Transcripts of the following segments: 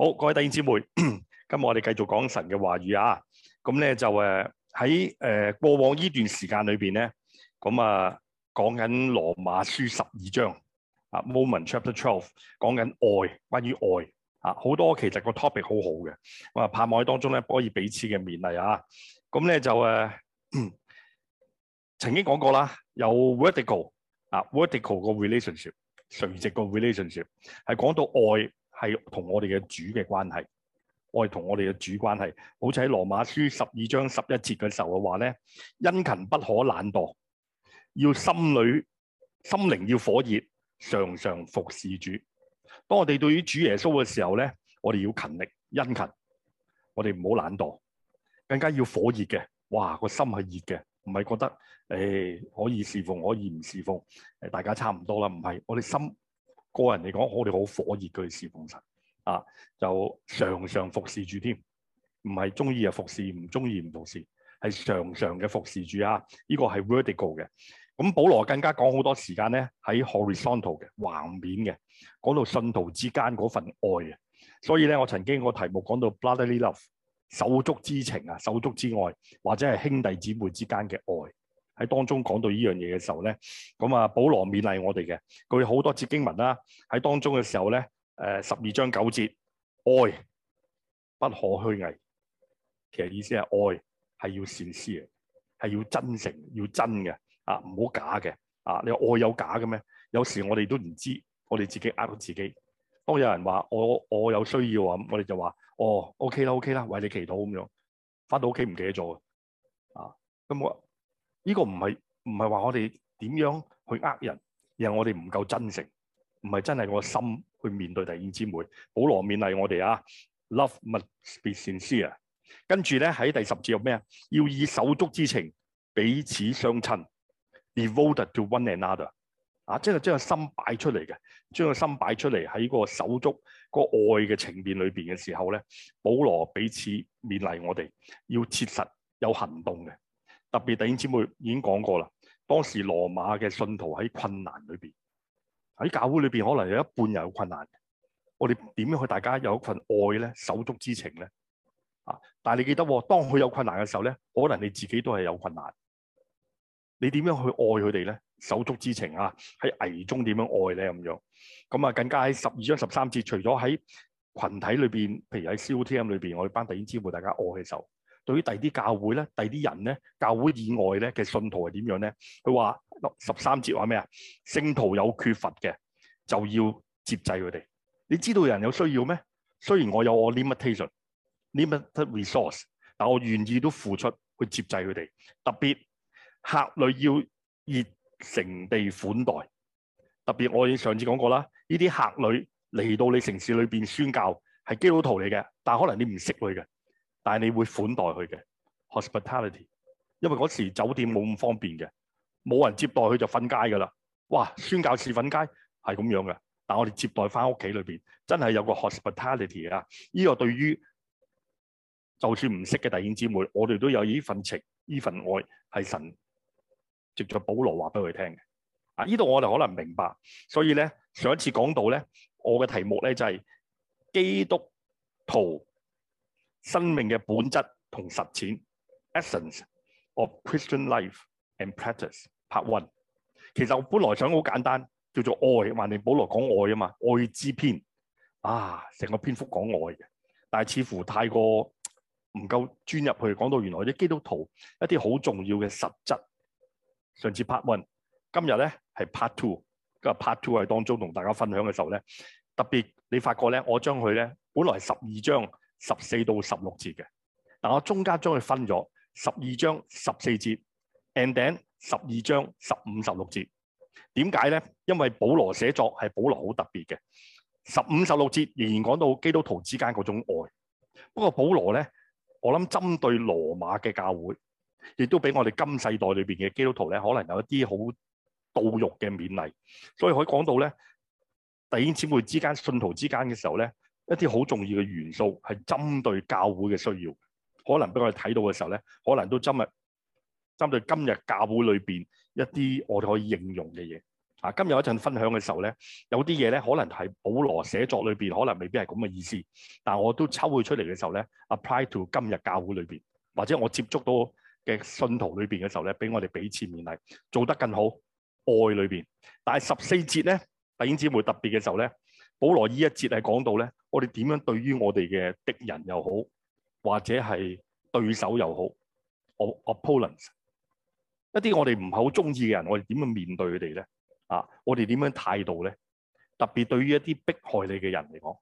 好，各位弟兄姊妹，今日我哋繼續講神嘅話語啊。咁咧就誒喺誒過往呢段時間裏邊咧，咁啊講緊羅馬書十二章啊，moment chapter twelve 講緊愛，關於愛啊，好多其實個 topic 好好嘅。咁啊，盼望喺當中咧可以彼此嘅勉勵啊。咁咧就誒曾經講過啦，有 vertical 啊，vertical 個 relationship 垂直個 relationship 係講到愛。係同我哋嘅主嘅關係，我係同我哋嘅主關係。好似喺羅馬書十二章十一節嘅時候嘅話咧，殷勤不可懶惰，要心裏心靈要火熱，常常服侍主。當我哋對於主耶穌嘅時候咧，我哋要勤力殷勤，我哋唔好懶惰，更加要火熱嘅。哇，個心係熱嘅，唔係覺得誒可以侍奉，可以唔侍奉，誒大家差唔多啦，唔係我哋心。個人嚟講，我哋好火熱嘅侍奉神啊，就常常服侍住添，唔係中意就服侍，唔中意唔服侍，係常常嘅服侍住啊。呢個係 vertical 嘅。咁保羅更加講好多時間咧，喺 horizontal 嘅橫面嘅，講到信徒之間嗰份愛啊。所以咧，我曾經個題目講到 brotherly love，手足之情啊，手足之愛，或者係兄弟姊妹之間嘅愛。喺當中講到呢樣嘢嘅時候咧，咁啊，保羅勉勵我哋嘅，佢好多節經文啦，喺當中嘅時候咧，誒十二章九節，愛不可虛偽，其實意思係愛係要善思嘅，係要真誠，要真嘅，啊唔好假嘅，啊你話愛有假嘅咩？有時我哋都唔知，我哋自己呃到自己。當有人話我我有需要啊，我哋就話哦 OK 啦 OK 啦，為你祈禱咁樣，翻到屋企唔記得咗啊，咁我。呢個唔係唔係話我哋點樣去呃人，而係我哋唔夠真誠，唔係真係我心去面對第二姊妹。保羅勉勵我哋啊，love must be sincere。跟住咧喺第十節有咩啊？要以手足之情彼此相親，devoted to one another。啊，即係將個心擺出嚟嘅，將個心擺出嚟喺個手足個愛嘅情面裏邊嘅時候咧，保羅彼此勉勵我哋要切實有行動嘅。特別弟兄姊妹已經講過啦，當時羅馬嘅信徒喺困難裏邊，喺教會裏邊可能有一半人有困難。我哋點樣去大家有一份愛咧？手足之情咧？啊！但係你記得，當佢有困難嘅時候咧，可能你自己都係有困難。你點樣去愛佢哋咧？手足之情啊！喺危中點樣愛咧？咁樣咁啊，更加喺十二章十三節，除咗喺群體裏邊，譬如喺 COTM 裏邊，我哋班弟兄姊妹大家愛嘅時候。對於第二啲教會咧，第二啲人咧，教會以外咧嘅信徒係點樣咧？佢話十三節話咩啊？聖徒有缺乏嘅，就要接濟佢哋。你知道人有需要咩？雖然我有我 limitation, limit resource，但我願意都付出去接濟佢哋。特別客旅要熱誠地款待。特別我上次講過啦，呢啲客旅嚟到你城市裏邊宣教係基督徒嚟嘅，但可能你唔識佢嘅。但係你會款待佢嘅 hospitality，因為嗰時酒店冇咁方便嘅，冇人接待佢就瞓街噶啦。哇，宣教士瞓街係咁樣嘅，但我哋接待翻屋企裏邊，真係有個 hospitality 啊！呢個對於就算唔識嘅弟兄姊妹，我哋都有呢份情、呢份愛，係神藉著保羅話俾佢聽嘅。啊，呢度我哋可能明白，所以咧上一次講到咧，我嘅題目咧就係基督徒。生命嘅本質同實踐，essence of Christian life and practice part one。其實我本來想好簡單，叫做愛，橫掂保羅講愛啊嘛，愛之篇啊，成個篇幅講愛嘅。但係似乎太過唔夠專入去，講到原來啲基督徒一啲好重要嘅實質。上次 part one，今日咧係 part two，今日 part two 係當中同大家分享嘅時候咧，特別你發覺咧，我將佢咧本來係十二章。十四到十六節嘅，但我中間將佢分咗十二章十四節，and then 十二章十五十六節。點解咧？因為保羅寫作係保羅好特別嘅，十五十六節仍然講到基督徒之間嗰種愛。不過保羅咧，我諗針對羅馬嘅教會，亦都俾我哋今世代裏邊嘅基督徒咧，可能有一啲好到肉嘅勉勵。所以可以講到咧，弟兄姊妹之間、信徒之間嘅時候咧，一啲好重要嘅元素，係針對教會嘅需要，可能俾我哋睇到嘅時候咧，可能都針日針對今日教會裏邊一啲我哋可以應用嘅嘢。啊，今日一陣分享嘅時候咧，有啲嘢咧可能係保羅寫作裏邊，可能未必係咁嘅意思，但我都抽佢出嚟嘅時候咧，apply to 今日教會裏邊，或者我接觸到嘅信徒裏邊嘅時候咧，俾我哋彼此勉勵，做得更好，愛裏邊，但係十四節咧，弟兄姊妹特別嘅時候咧，保羅依一節係講到咧。我哋點樣對於我哋嘅敵人又好，或者係對手又好，Opponents，我 opponents 一啲我哋唔係好中意嘅人，我哋點樣面對佢哋咧？啊，我哋點樣態度咧？特別對於一啲迫害你嘅人嚟講，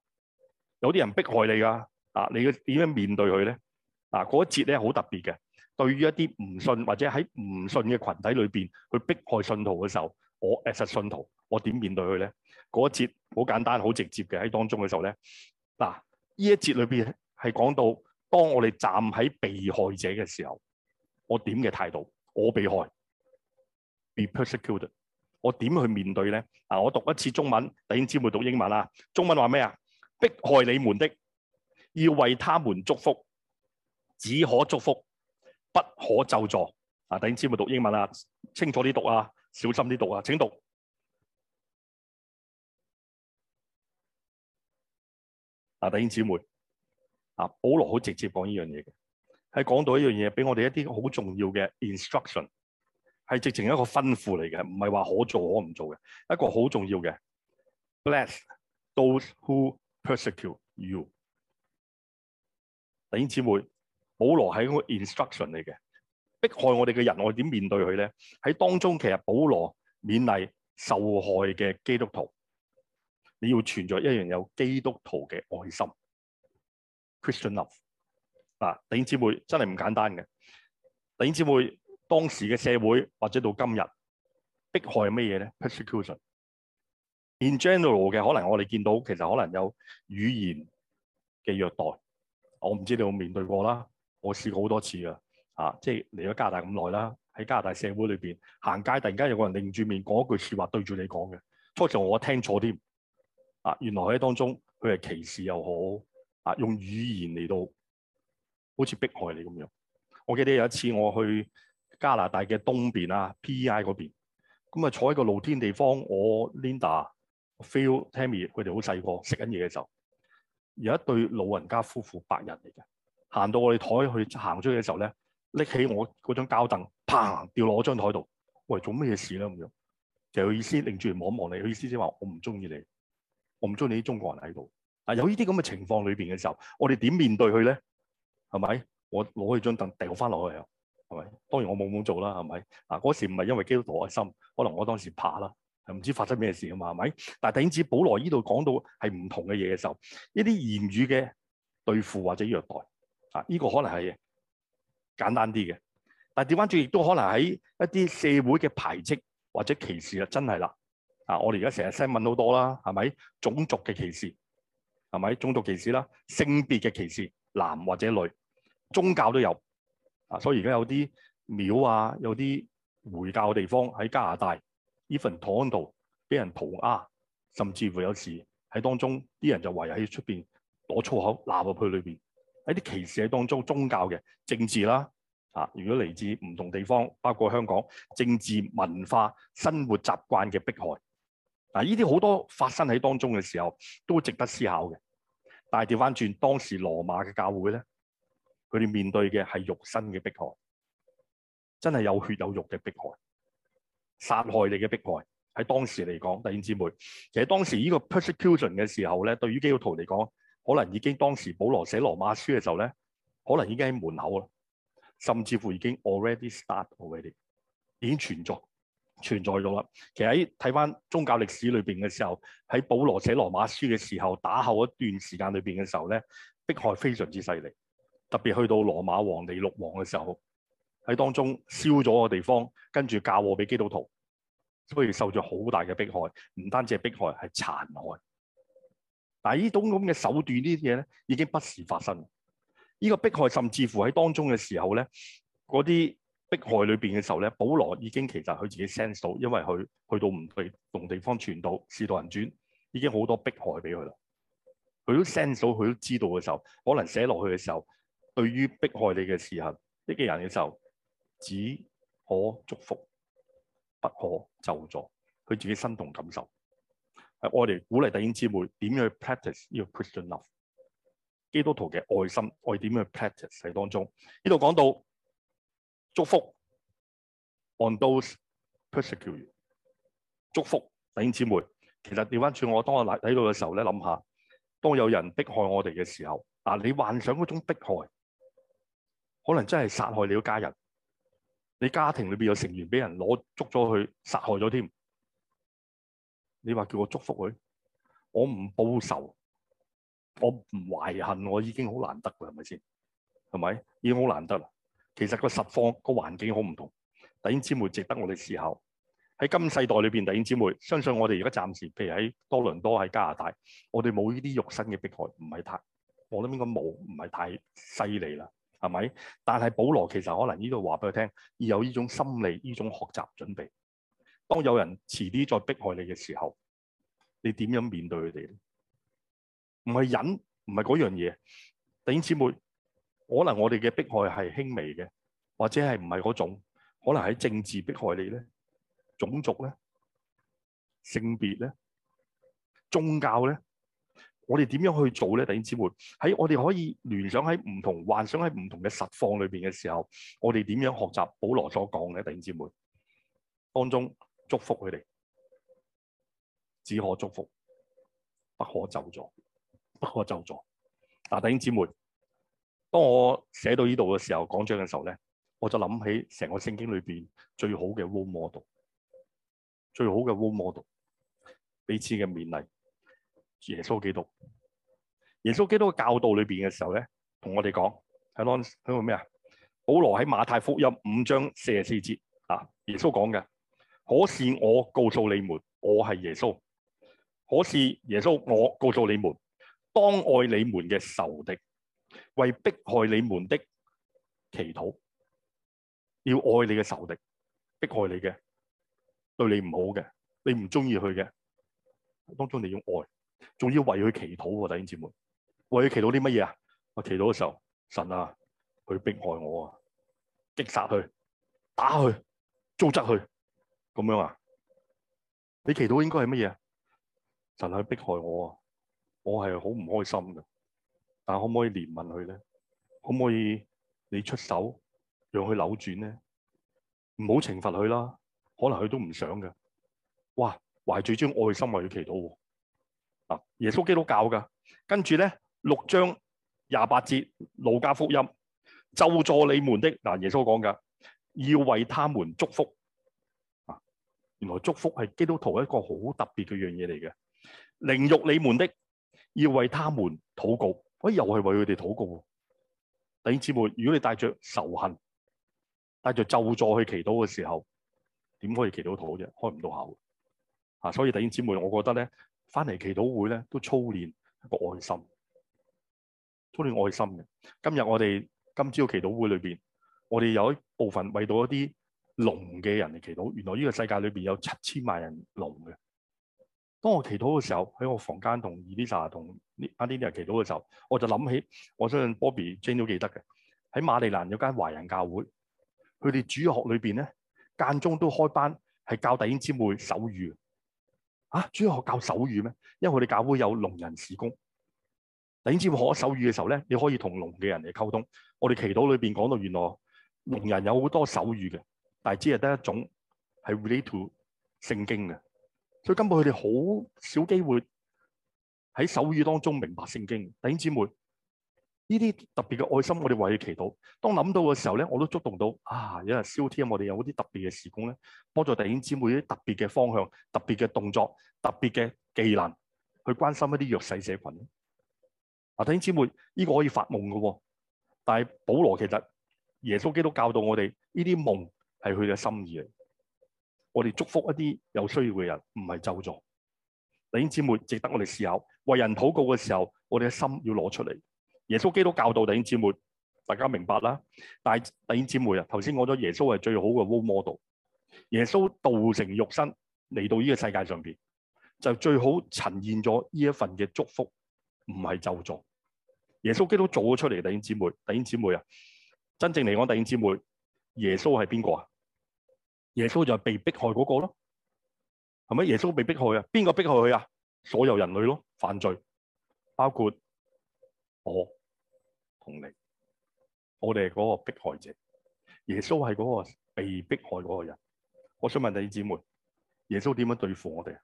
有啲人迫害你噶啊，你要點樣面對佢咧？啊，嗰節咧好特別嘅，對於一啲唔信或者喺唔信嘅群體裏邊去迫害信徒嘅時候，我 as 信徒。我點面對佢咧？嗰一節好簡單、好直接嘅，喺當中嘅時候咧，嗱，呢一節裏邊係講到當我哋站喺被害者嘅時候，我點嘅態度？我被害，be persecuted，我點去面對咧？嗱，我讀一次中文，弟兄姊妹讀英文啦、啊。中文話咩啊？迫害你們的，要為他們祝福，只可祝福，不可咒詛。啊，弟兄姊妹讀英文啦、啊，清楚啲讀啊，小心啲讀啊，請讀。弟兄姊妹，啊，保羅好直接講呢樣嘢，嘅，係講到一樣嘢，俾我哋一啲好重要嘅 instruction，係直情一個吩咐嚟嘅，唔係話可做可唔做嘅，一個好重要嘅。Bless those who persecute you。弟兄姊妹，保羅係個 instruction 嚟嘅，迫害我哋嘅人，我點面對佢咧？喺當中其實保羅勉勵受害嘅基督徒。你要存在一樣有基督徒嘅愛心，Christian love 啊！弟兄姊妹真係唔簡單嘅。弟兄姊妹當時嘅社會或者到今日迫害係咩嘢咧？Persecution。Per In general 嘅可能我哋見到其實可能有語言嘅虐待，我唔知道唔知你有面對過啦。我試過好多次啊！啊，即係嚟咗加拿大咁耐啦，喺加拿大社會裏邊行街，突然間有個人擰住面講一句説話對住你講嘅，初時我聽錯添。啊，原來喺當中佢係歧視又好，啊用語言嚟到好似迫害你咁樣。我記得有一次我去加拿大嘅東邊啊，PEI 嗰邊，咁啊坐喺個露天地方，我 Linda、Phil、Tammy 佢哋好細個食緊嘢嘅時候，有一對老人家夫婦白人嚟嘅，行到我哋台去行出去嘅時候咧，拎起我嗰張膠凳，啪掉落我張台度，喂，做咩事啦咁樣，就意思擰住嚟望望你，佢意思先話我唔中意你。我唔中意你啲中國人喺度啊！有呢啲咁嘅情況裏邊嘅時候，我哋點面對佢咧？係咪？我攞起張凳掉翻落去，係咪？當然我冇咁做啦，係咪？嗱嗰時唔係因為基督徒愛心，可能我當時怕啦，唔知發生咩事啊嘛，係咪？但係點知保羅呢度講到係唔同嘅嘢嘅時候，一啲言語嘅對付或者虐待啊，呢個可能係簡單啲嘅。但係調翻轉，亦都可能喺一啲社會嘅排斥或者歧視啊，真係啦。啊！我哋而家成日 s e n 問好多啦，係咪種族嘅歧視？係咪種族歧視啦？性別嘅歧視，男或者女，宗教都有啊！所以而家有啲廟啊，有啲回教嘅地方喺加拿大 Even Town 度俾人屠壓，甚至乎有時喺當中啲人就圍喺出邊攞粗口鬧入去裏邊，喺啲歧視喺當中，宗教嘅政治啦啊！如果嚟自唔同地方，包括香港政治文化生活習慣嘅迫害。嗱，呢啲好多發生喺當中嘅時候，都值得思考嘅。但係調翻轉，當時羅馬嘅教會咧，佢哋面對嘅係肉身嘅迫害，真係有血有肉嘅迫害，殺害你嘅迫害。喺當時嚟講，弟兄姊妹，其實當時呢個 persecution 嘅時候咧，對於基督徒嚟講，可能已經當時保羅寫羅馬書嘅時候咧，可能已經喺門口啦，甚至乎已經 already start already 已經存在。存在咗啦。其實喺睇返宗教歷史裏邊嘅時候，喺保羅寫羅馬書嘅時候，打後一段時間裏邊嘅時候咧，迫害非常之犀利。特別去到羅馬皇帝六王嘅時候，喺當中燒咗個地方，跟住嫁禍俾基督徒，所以受咗好大嘅迫害。唔單止係迫害，係殘害。但嗱，呢種咁嘅手段呢啲嘢咧，已經不時發生。呢個迫害甚至乎喺當中嘅時候咧，嗰啲，迫害裏邊嘅時候咧，保羅已經其實佢自己 sense 到，因為佢去到唔同地方傳道，使徒行傳已經好多迫害俾佢啦。佢都 sense 到，佢都知道嘅時候，可能寫落去嘅時候，對於迫害你嘅時候，呢個人嘅時候，只可祝福，不可咒詛。佢自己心動感受，我哋鼓勵弟兄姊妹點樣去 practice 呢個 Christian love 基督徒嘅愛心，我哋點樣去 practice 喺當中？呢度講到。祝福 on those persecutor，祝福弟兄姊妹。其實調翻轉，我當我睇到嘅時候咧，諗下當有人迫害我哋嘅時候，啊，你幻想嗰種迫害可能真係殺害你一家人，你家庭裏邊有成員俾人攞捉咗去殺害咗添，你話叫我祝福佢，我唔報仇，我唔懷恨，我已經好難得㗎，係咪先？係咪已經好難得啦？其實個實況、那個環境好唔同，弟兄姊妹值得我哋思考。喺今世代裏面，弟兄姊妹相信我哋而家暫時，譬如喺多倫多、喺加拿大，我哋冇呢啲肉身嘅迫害，唔係太我諗應該冇，唔係太犀利啦，係咪？但係保羅其實可能呢度話俾佢聽，要有呢種心理，呢種學習準備。當有人遲啲再迫害你嘅時候，你點樣面對佢哋？唔係忍，唔係嗰樣嘢，弟兄姊妹。可能我哋嘅迫害係輕微嘅，或者係唔係嗰種，可能喺政治迫害你咧，種族咧、性別咧、宗教咧，我哋點樣去做咧？弟兄姊妹，喺我哋可以聯想喺唔同幻想喺唔同嘅實況裏邊嘅時候，我哋點樣學習保羅所講咧？弟兄姊妹，當中祝福佢哋，只可祝福，不可咒詛，不可咒詛。嗱，弟兄姊妹。當我寫到呢度嘅時候，講章嘅時候咧，我就諗起成個聖經裏邊最好嘅 role model，最好嘅 role model，彼此嘅勉勵。耶穌基督，耶穌基督嘅教導裏邊嘅時候咧，同我哋講，阿朗喺度咩啊？保羅喺馬太福音五章四十四節啊，耶穌講嘅，可是我告訴你們，我係耶穌。可是耶穌，我告訴你們，當愛你們嘅仇敵。為迫害你們的祈禱，要愛你嘅仇敵，迫害你嘅，對你唔好嘅，你唔中意佢嘅，當中你要愛，仲要為佢祈禱啊。弟兄姊妹，為佢祈禱啲乜嘢啊？我祈禱嘅時候，神啊，佢迫害我啊，擊殺佢，打佢，糟質佢，咁樣啊？你祈禱應該係乜嘢啊？神係逼害我啊，我係好唔開心嘅。但可唔可以憐憫佢咧？可唔可以你出手讓佢扭轉咧？唔好懲罰佢啦，可能佢都唔想嘅。哇，懷住張愛心為佢祈禱。嗱，耶穌基督教噶，跟住咧六章廿八節路加福音，咒詛你們的，嗱，耶穌講噶，要為他們祝福。啊，原來祝福係基督徒一個好特別嘅樣嘢嚟嘅。凌辱你們的，要為他們禱告。我又係為佢哋禱告。弟兄姊妹，如果你帶著仇恨、帶著咒詛去祈禱嘅時候，點可以祈禱到啫？開唔到口。啊，所以弟兄姊妹，我覺得咧，翻嚟祈禱會咧都操練一個愛心，操練愛心嘅。今日我哋今朝嘅祈禱會裏邊，我哋有一部分為到一啲聾嘅人嚟祈禱。原來呢個世界裏邊有七千萬人聾嘅。當我祈禱嘅時候，喺我房間同 Elisa 同阿 l i n 祈禱嘅時候，我就諗起我相信 Bobby、Jane 都記得嘅。喺馬利蘭有間華人教會，佢哋主日學裏邊咧，間中都開班係教弟兄姊妹手語。啊，主日學教手語咩？因為佢哋教會有聾人事工。弟兄姊妹學手語嘅時候咧，你可以同聾嘅人嚟溝通。我哋祈禱裏邊講到原來聾人有好多手語嘅，但係只係得一種係 relate to 聖經嘅。所以根本，佢哋好少機會喺手語當中明白聖經。弟兄姊妹，呢啲特別嘅愛心，我哋為你祈禱。當諗到嘅時候咧，我都觸動到啊！我們有人消天，我哋有啲特別嘅時光咧，幫助弟兄姊妹啲特別嘅方向、特別嘅動作、特別嘅技能去關心一啲弱勢社群。啊，弟兄姊妹，呢個可以發夢嘅喎，但係保羅其實耶穌基督教導我哋，呢啲夢係佢嘅心意嚟。我哋祝福一啲有需要嘅人，唔係咒詛。弟兄姊妹，值得我哋思考。為人禱告嘅時候，我哋嘅心要攞出嚟。耶穌基督教導弟兄姊妹，大家明白啦。但係弟兄姊妹啊，頭先講咗耶穌係最好嘅 model。耶穌道成肉身嚟到呢個世界上邊，就最好呈現咗呢一份嘅祝福，唔係咒詛。耶穌基督做咗出嚟，弟兄姊妹，弟兄姊妹啊，真正嚟講，弟兄姊妹，耶穌係邊個啊？耶穌就係被迫害嗰個咯，係咪？耶穌被迫害啊，邊個迫害佢啊？所有人類咯，犯罪，包括我同你，我哋係嗰個迫害者。耶穌係嗰個被迫害嗰個人。我想問你姊妹，耶穌點樣對付我哋啊？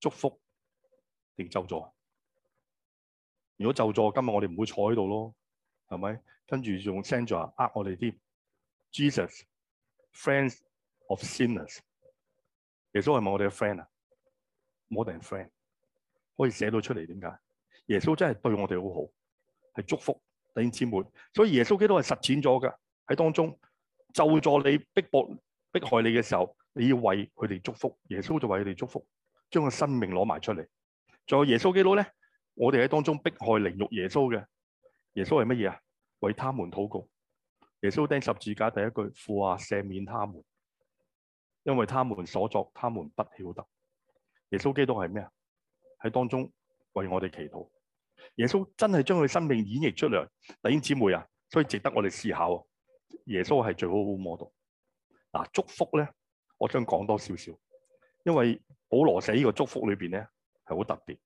祝福定咒詛？如果咒詛，今日我哋唔會坐喺度咯，係咪？跟住仲 send 咗呃我哋添！」Jesus。Friends of sinners，耶穌係咪我哋嘅 friend 啊？More than friend，可以寫到出嚟點解？耶穌真係對我哋好好，係祝福弟兄姊妹。所以耶穌基督係實踐咗嘅喺當中，就助你逼迫逼害你嘅時候，你要為佢哋祝福。耶穌就為佢哋祝福，將個生命攞埋出嚟。仲有耶穌基督咧，我哋喺當中逼害凌辱耶穌嘅，耶穌係乜嘢啊？為他們禱告。耶穌釘十字架第一句：父啊，赦免他們，因為他們所作，他們不曉得。耶穌基督係咩啊？喺當中為我哋祈禱。耶穌真係將佢生命演繹出嚟。弟兄姊妹啊，所以值得我哋思考。耶穌係最好 model。嗱，祝福咧，我想講多少少，因為保羅寫呢個祝福裏邊咧，係好特別的。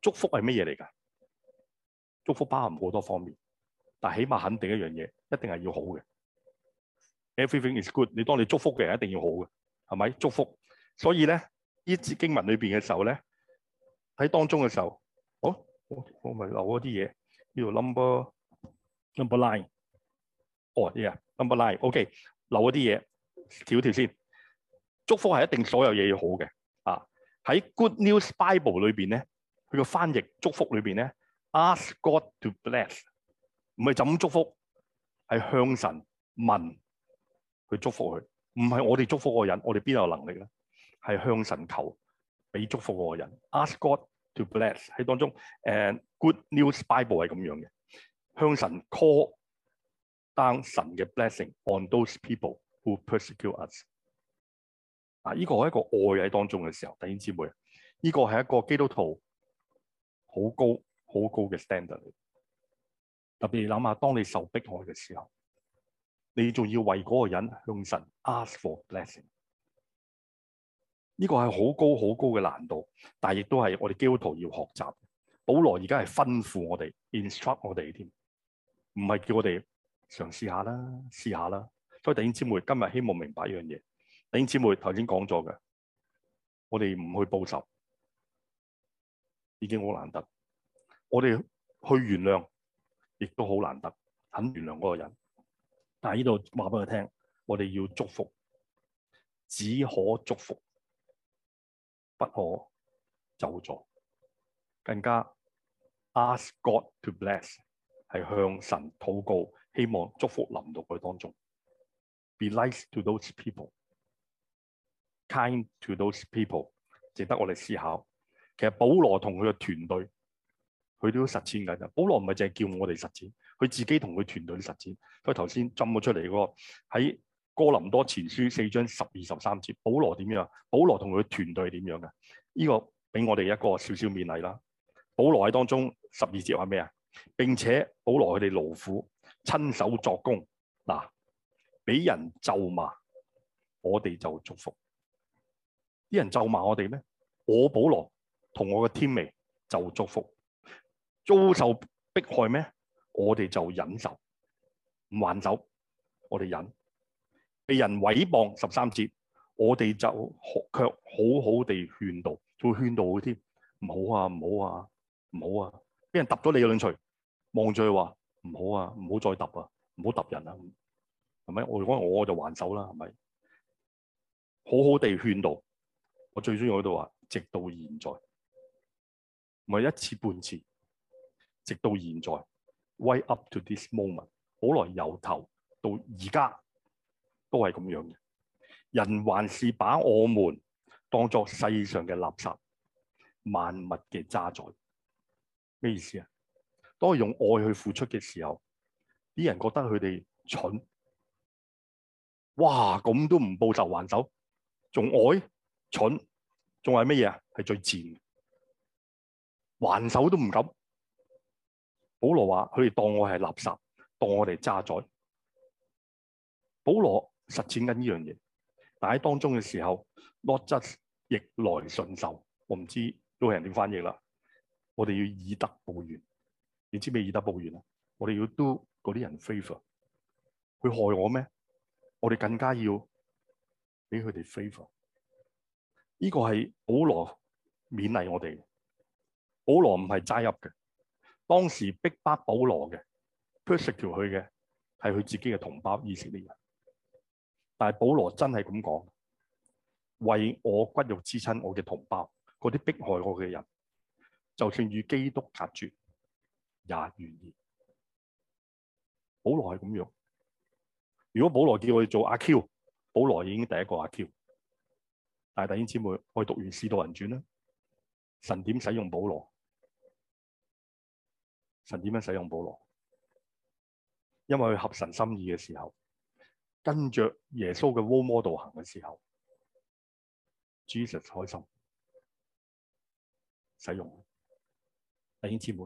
祝福係乜嘢嚟噶？祝福包含好多方面。但起碼肯定一樣嘢，一定係要好嘅。Everything is good。你當你祝福嘅人一定要好嘅，係咪？祝福。所以咧，呢節經文裏面嘅時候咧，喺當中嘅時候，哦，我我咪留一啲嘢呢 number number line，oh, yeah, number line. Okay。哦，依家 number line，OK，留嗰啲嘢，調一調先。祝福係一定所有嘢要好嘅。啊，喺 Good News Bible 裏面咧，佢個翻譯祝福裏面咧，ask God to bless。唔係怎祝福，係向神問去祝福佢，唔係我哋祝福個人，我哋邊有能力咧？係向神求俾祝福個人。Ask God to bless 喺當中。誒 Good News Bible 係咁樣嘅，向神 call down 神嘅 blessing on those people who persecute us。啊！依個係一個愛喺當中嘅時候，弟兄姊妹，呢個係一個基督徒好高好高嘅 standard。特別諗下，當你受迫害嘅時候，你仲要為嗰個人向神 ask for blessing，呢個係好高好高嘅難度，但係亦都係我哋基督徒要學習。保羅而家係吩咐我哋，instruct 我哋添，唔係叫我哋嘗試下啦，試下啦。所以弟兄姊妹今日希望明白一樣嘢。弟兄姊妹頭先講咗嘅，我哋唔去報仇，已經好難得。我哋去原諒。亦都好難得，肯原諒嗰個人。但係呢度話俾佢聽，我哋要祝福，只可祝福，不可咒詛。更加 ask God to bless，係向神禱告，希望祝福臨到佢當中。Be nice to those people，kind to those people，值得我哋思考。其實保羅同佢嘅團隊。佢都實踐緊啊！保羅唔係淨係叫我哋實踐，佢自己同佢團隊實踐。所以頭先浸咗出嚟嗰個喺哥林多前書四章十二十三節，保羅點樣？保羅同佢團隊係點樣呢？呢個俾我哋一個少少勉勵啦。保羅喺當中十二節話咩啊？並且保羅佢哋勞苦，親手作工，嗱，俾人咒罵，我哋就祝福。啲人咒罵我哋咩？我保羅同我嘅天命就祝福。遭受迫害咩？我哋就忍受，唔還手，我哋忍。被人毀謗，十三節，我哋就卻好好地勸導，仲會勸導添。唔好啊，唔好啊，唔好啊！俾人揼咗你兩槌，望住佢話唔好啊，唔好再揼啊，唔好揼人啊，係咪？我如果我就還手啦，係咪？好好地勸導，我最中意喺度話，直到現在，唔係一次半次。直到現在 Way up to this moment？好耐，由頭到而家都係咁樣嘅。人還是把我們當作世上嘅垃圾、萬物嘅渣滓。咩意思啊？當係用愛去付出嘅時候，啲人覺得佢哋蠢。哇！咁都唔報仇還手，仲愛蠢，仲係咩嘢啊？係最賤，還手都唔敢。保羅話：佢哋當我係垃圾，當我哋渣滓。保羅實踐緊呢樣嘢，但喺當中嘅時候，not just 逆來順受。我唔知都係人點翻譯啦。我哋要以德報怨，你知唔知以德報怨啊？我哋要 do 嗰啲人 favor，佢害我咩？我哋更加要俾佢哋 favor。呢、這個係保羅勉勵我哋。保羅唔係齋噏嘅。當時逼迫，迫保羅嘅 persecute 佢嘅係佢自己嘅同胞以色列人，但係保羅真係咁講，為我骨肉之親，我嘅同胞嗰啲迫害我嘅人，就算與基督隔絕也願意。保羅係咁樣。如果保羅叫我哋做阿 Q，保羅已經第一個阿 Q。但係弟兄姊妹，我哋讀完《使徒行傳》啦，神點使用保羅？神點樣使用保羅？因為佢合神心意嘅時候，跟着耶穌嘅模模道行嘅時候，主耶穌開心使用了弟兄姊妹。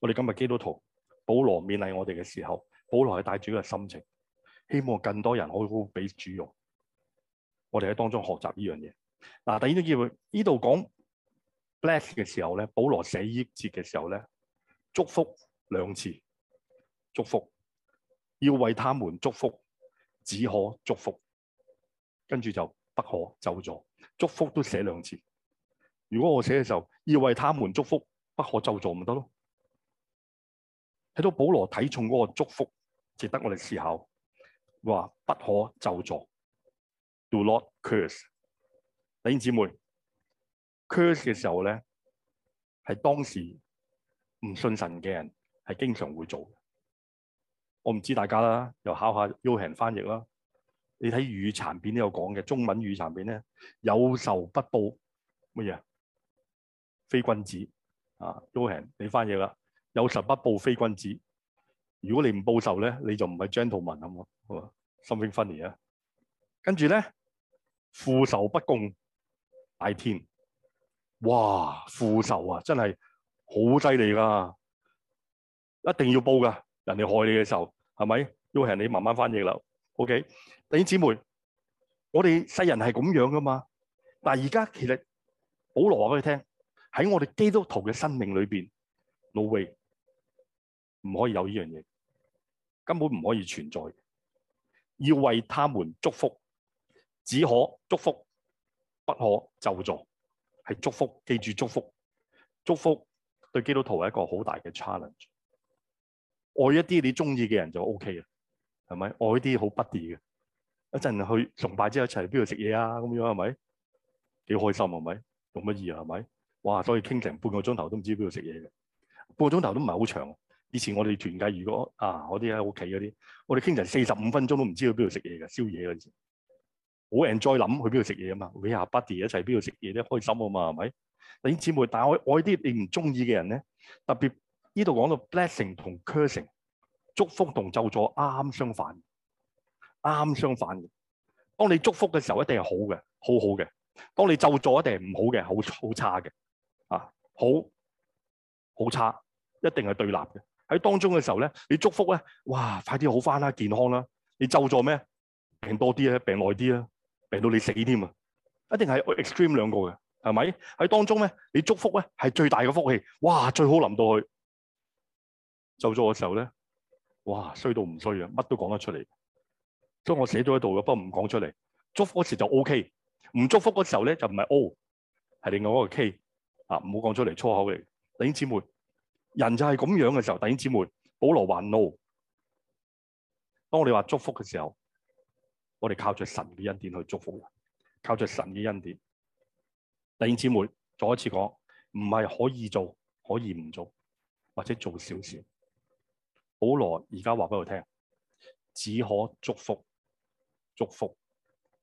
我哋今日基督徒，保羅勉勵我哋嘅時候，保羅係帶住呢個心情，希望更多人好好俾主用。我哋喺當中學習呢樣嘢。嗱，第二種意味，呢度講 Bless 嘅時候咧，保羅寫呢節嘅時候咧。祝福兩次，祝福要為他們祝福，只可祝福，跟住就不可咒詛。祝福都寫兩次，如果我寫嘅時候要為他們祝福，不可咒詛，咪得咯？睇到保羅睇重嗰個祝福，值得我哋思考。話不可咒詛，do not curse。弟兄姊妹，curse 嘅時候咧，係當時。唔信神嘅人係經常會做嘅。我唔知大家啦，又考下 Yohan 翻譯啦。你睇語殘片都有講嘅，中文語殘片咧有仇不報乜嘢非君子啊、uh，Yohan 你翻譯啦。有仇不報非君子。如果你唔報仇咧，你就唔係 gentleman 咁咯。心靈分裂啊。跟住咧，父仇不共戴天。哇！父仇啊，真係～好犀利噶，一定要報噶。人哋害你嘅時候，係咪？要係你慢慢翻譯啦。OK，弟兄姊妹，我哋世人係咁樣噶嘛。但係而家其實保羅話俾你聽，喺我哋基督徒嘅生命裏邊，勞喂唔可以有呢樣嘢，根本唔可以存在。要為他們祝福，只可祝福，不可咒詛，係祝福。記住祝福，祝福。對基督徒係一個好大嘅 challenge。愛一啲你中意嘅人就 OK 啦，係咪？愛啲好 buddy 嘅，一陣去崇拜之後一齊去邊度食嘢啊？咁樣係咪？幾開心啊？係咪？做乜嘢啊？係咪？哇！所以傾成半個鐘頭都唔知去邊度食嘢嘅，半個鐘頭都唔係好長。以前我哋團契如果啊嗰啲喺屋企嗰啲，我哋傾成四十五分鐘都唔知去邊度食嘢嘅，宵夜嗰時。好 enjoy 諗去邊度食嘢啊嘛！哎呀，buddy 一齊邊度食嘢都開心啊嘛，係咪？弟兄姊妹，但係我我啲你唔中意嘅人咧，特別呢度講到 blessing 同 cursing，祝福同咒助，啱相反，啱相反嘅。當你祝福嘅時候，一定係好嘅，好好嘅；當你咒助一定係唔好嘅，好好差嘅。啊，好好差，一定係對立嘅。喺當中嘅時候咧，你祝福咧，哇，快啲好翻啦，健康啦；你咒助咩？病多啲啊，病耐啲啊，病到你死添啊！一定係 extreme 兩個嘅。係咪喺當中咧？你祝福咧，係最大嘅福氣。哇，最好臨到去。就咗嘅時候咧，哇，衰到唔衰啊，乜都講得出嚟。所以我寫咗喺度嘅，不過唔講出嚟。祝福嗰時候就 OK，唔祝福嗰時候咧就唔係 O，係另外一個 K。啊，唔好講出嚟，粗口嚟。弟兄姊妹，人就係咁樣嘅時候。弟兄姊妹，保羅還 No。當我哋話祝福嘅時候，我哋靠着神嘅恩典去祝福人，靠着神嘅恩典。弟兄姊妹，再一次講，唔係可以做，可以唔做，或者做少少。保羅而家話俾我聽，只可祝福、祝福、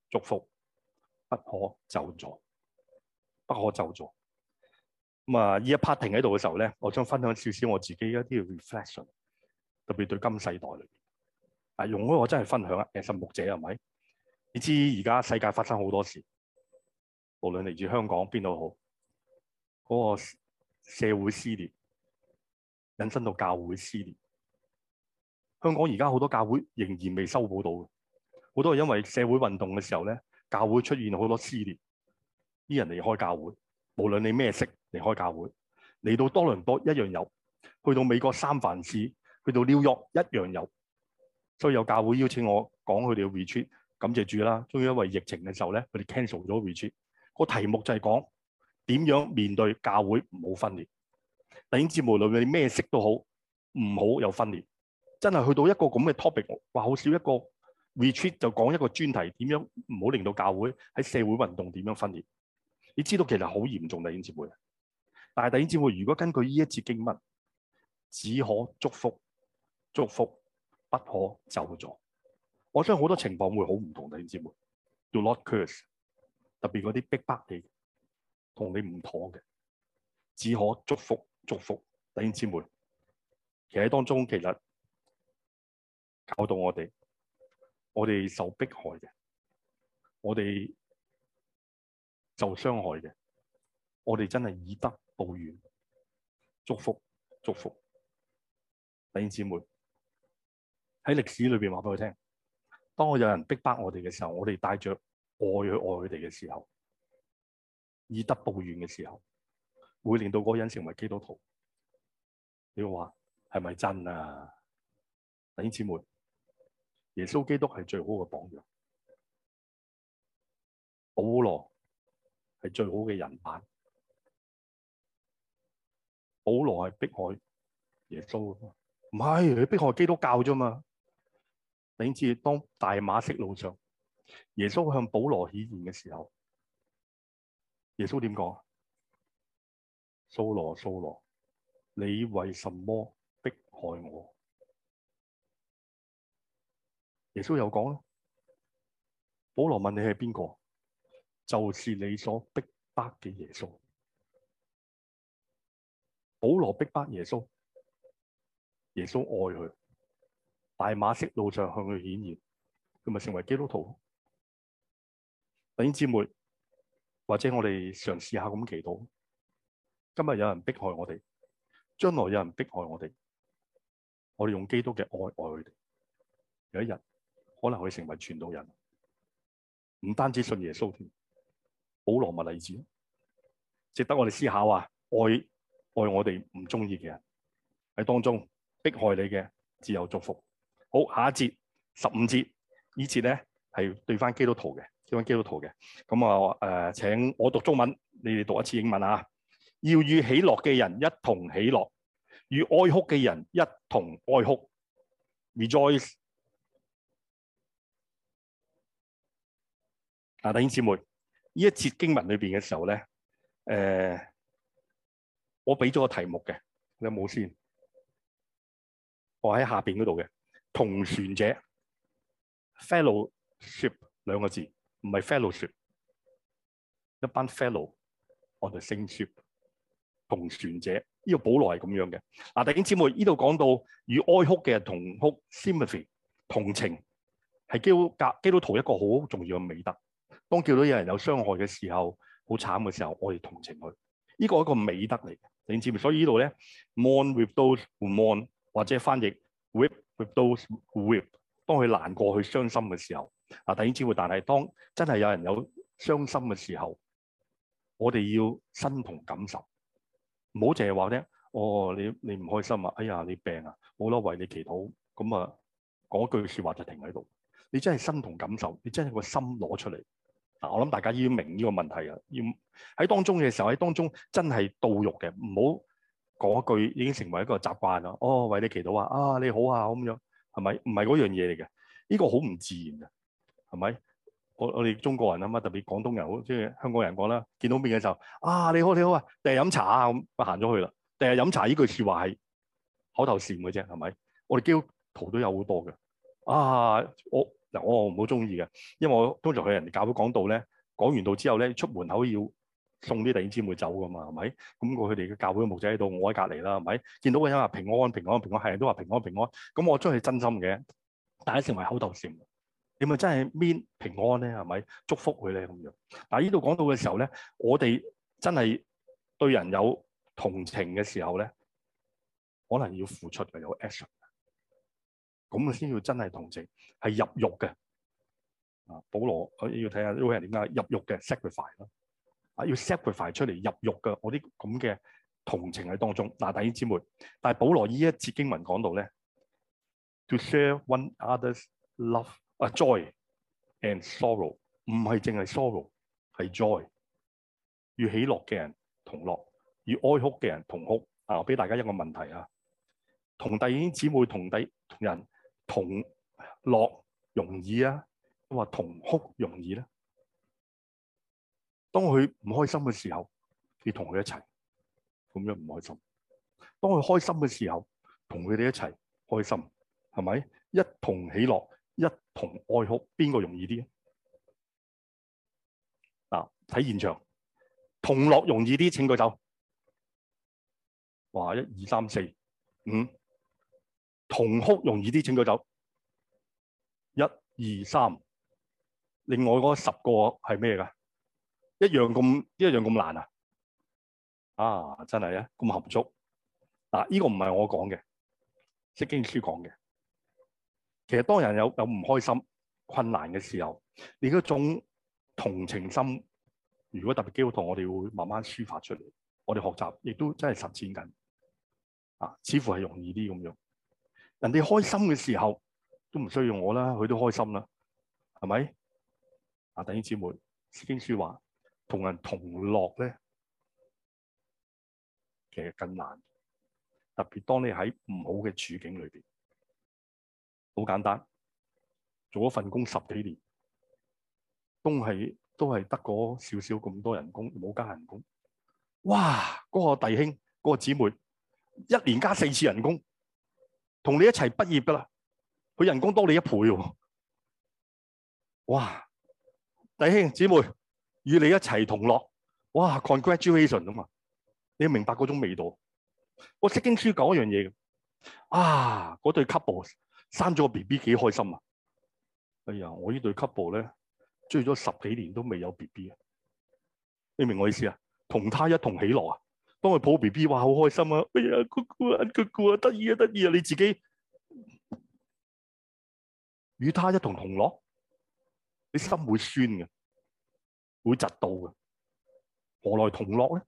祝福，不可咒詛，不可咒詛。咁啊，呢一 part 停喺度嘅時候咧，我將分享少少我自己一啲 reflection，特別對今世代裏面啊，容許我真係分享啊，識時務者係咪？你知而家世界發生好多事。無論嚟自香港邊度好，嗰個社會撕裂，引申到教會撕裂。香港而家好多教會仍然未修補到嘅，好多係因為社會運動嘅時候咧，教會出現好多撕裂，啲人離開教會。無論你咩色離開教會，嚟到多倫多一樣有，去到美國三藩市，去到紐約一樣有。所以有教會邀請我講佢哋嘅 retreat，感謝住啦。終於因為疫情嘅時候咧，佢哋 cancel 咗 retreat。個題目就係講點樣面對教會唔好分裂。弟兄姊妹，無論你咩色都好，唔好有分裂。真係去到一個咁嘅 topic，話，好少一個 retreat 就講一個專題，點樣唔好令到教會喺社會運動點樣分裂。你知道其實好嚴重，弟兄姊妹。但係弟兄姊妹，如果根據呢一節經文，只可祝福，祝福不可咒詛。我相信好多情況會好唔同，弟兄姊妹。Do not curse. 特別嗰啲逼迫你同你唔妥嘅，只可祝福祝福，弟兄姊妹。其實當中其實搞到我哋，我哋受迫害嘅，我哋受傷害嘅，我哋真係以德報怨，祝福祝福，弟兄姊妹。喺歷史裏邊話俾我聽，當我有人逼迫，迫我哋嘅時候，我哋帶着。愛去愛佢哋嘅時候，以德報怨嘅時候，會令到嗰個人成為基督徒。你會話係咪真啊？弟兄姊妹，耶穌基督係最好嘅榜樣，保羅係最好嘅人版。保羅係迫害，耶穌唔係，佢迫害基督教啫嘛。弟兄姊妹，當大馬色路上。耶穌向保羅顯現嘅時候，耶穌點講？蘇羅，蘇羅，你為什麼迫害我？耶穌又講啦，保羅問你係邊個，就是你所迫逼嘅耶穌。保羅迫逼耶穌，耶穌愛佢，大馬色路上向佢顯現，佢咪成為基督徒。弟兄姊妹，或者我哋嘗試一下咁祈禱。今日有人迫害我哋，將來有人迫害我哋，我哋用基督嘅愛愛佢哋。有一日可能會成為傳道人，唔單止信耶穌添。保羅嘅例子，值得我哋思考啊！愛愛我哋唔中意嘅人，喺當中迫害你嘅，自有祝福。好，下一節十五節，節呢節咧係對翻基督徒嘅。做基督徒嘅，咁我誒、呃、請我讀中文，你哋讀一次英文啊！要與喜樂嘅人一同喜樂，與哀哭嘅人一同哀哭。Rejoice！啊，弟兄姊妹，呢一次經文裏邊嘅時候咧，誒、呃，我俾咗個題目嘅，你有冇先？我喺下邊嗰度嘅同船者 （fellowship） 兩個字。唔係 fellowship，一班 fellow，on the same ship 同船者，呢、這個保羅係咁樣嘅。嗱、啊，弟兄姊妹，呢度講到與哀哭嘅同哭 sympathy 同情，係基督基督徒一個好重要嘅美德。當見到有人有傷害嘅時候，好慘嘅時候，我哋同情佢，依、這個係一個美德嚟嘅。弟兄姊妹。所以這裏呢度咧，Mourn with those who mourn，或者翻譯 weep with those who weep 當佢難過、去傷心嘅時候。啊！第一招，但係當真係有人有傷心嘅時候，我哋要身同感受，唔好淨係話咧。哦，你你唔開心啊？哎呀，你病啊？好啦，為你祈禱咁啊。嗰句說話就停喺度。你真係身同感受，你真係個心攞出嚟嗱。我諗大家要明呢個問題啊，要喺當中嘅時候喺當中真係道欲嘅，唔好嗰句已經成為一個習慣啦。哦，為你祈禱啊，啊你好啊，咁樣係咪？唔係嗰樣嘢嚟嘅，呢個好唔自然嘅。係咪？我我哋中國人啊嘛，特別廣東人即係香港人講啦。見到面嘅時候，啊你好你好啊，第日飲茶啊咁，行咗去啦。第日飲茶呢句説話係口頭禪嘅啫，係咪？我哋基督徒都有好多嘅。啊，我嗱我唔好中意嘅，因為我通常去人哋教會講道咧，講完道之後咧，出門口要送啲弟兄姊妹走噶嘛，係咪？咁我佢哋嘅教會嘅牧仔喺度，我喺隔離啦，係咪？見到個人話平安平安平安，係人都話平安平安。咁我真係真心嘅，大家說成為口頭禪。你咪真係 mean 平安咧，係咪祝福佢咧咁樣？嗱，依度講到嘅時候咧，我哋真係對人有同情嘅時候咧，可能要付出嘅有 action，咁先要真係同情係入獄嘅。啊，保羅要睇下呢位人點解入獄嘅 sacrifice 啦，啊，要 sacrifice 出嚟入獄嘅，我啲咁嘅同情喺當中。嗱，弟兄姊妹，但係保羅依一節經文講到咧，to share one other's love。A joy and sorrow 唔係淨係 sorrow，係 joy。與喜樂嘅人同樂，與哀哭嘅人同哭。啊，我俾大家一個問題啊：同弟兄姊妹、同弟、同人同樂容易啊，話同哭容易咧。當佢唔開心嘅時候，你同佢一齊，咁樣唔開心；當佢開心嘅時候，同佢哋一齊開心，係咪一同喜樂？同愛哭邊個容易啲啊？睇現場，同樂容易啲，請舉手，哇！一二三四五，同哭容易啲，請舉手，一二三，另外嗰十個係咩噶？一樣咁一樣咁難啊！啊，真係啊，咁含蓄啊！依、這個唔係我講嘅，經經《色經書》講嘅。其實當人有有唔開心、困難嘅時候，你嗰種同情心，如果特別基督徒，我哋會慢慢抒發出嚟。我哋學習，亦都真係實踐緊啊，似乎係容易啲咁樣。人哋開心嘅時候都唔需要我啦，佢都開心啦，係咪？啊，弟兄姊妹，詩經書話同人同樂咧，其實更難。特別當你喺唔好嘅處境裏邊。好簡單，做咗份工十幾年，都係都係得嗰少少咁多人工，冇加人工。哇！嗰個弟兄，嗰個姊妹，一年加四次人工，同你一齊畢業噶啦，佢人工多你一倍喎。哇！弟兄姊妹與你一齊同樂，哇！congratulation 啊嘛，你要明白嗰種味道。我聖經書講一樣嘢嘅，啊，嗰對 couple。生咗個 B B 幾開心啊！哎呀，我這對級呢對 couple 咧追咗十幾年都未有 B B 啊！你明我意思啊？同他一同喜樂啊，當佢抱 B B，哇，好開心啊！哎呀，姑姑啊、嗯，姑姑啊，得意啊，得意啊！你自己與他一同同樂，你心會酸嘅，會窒到嘅，何來同樂咧？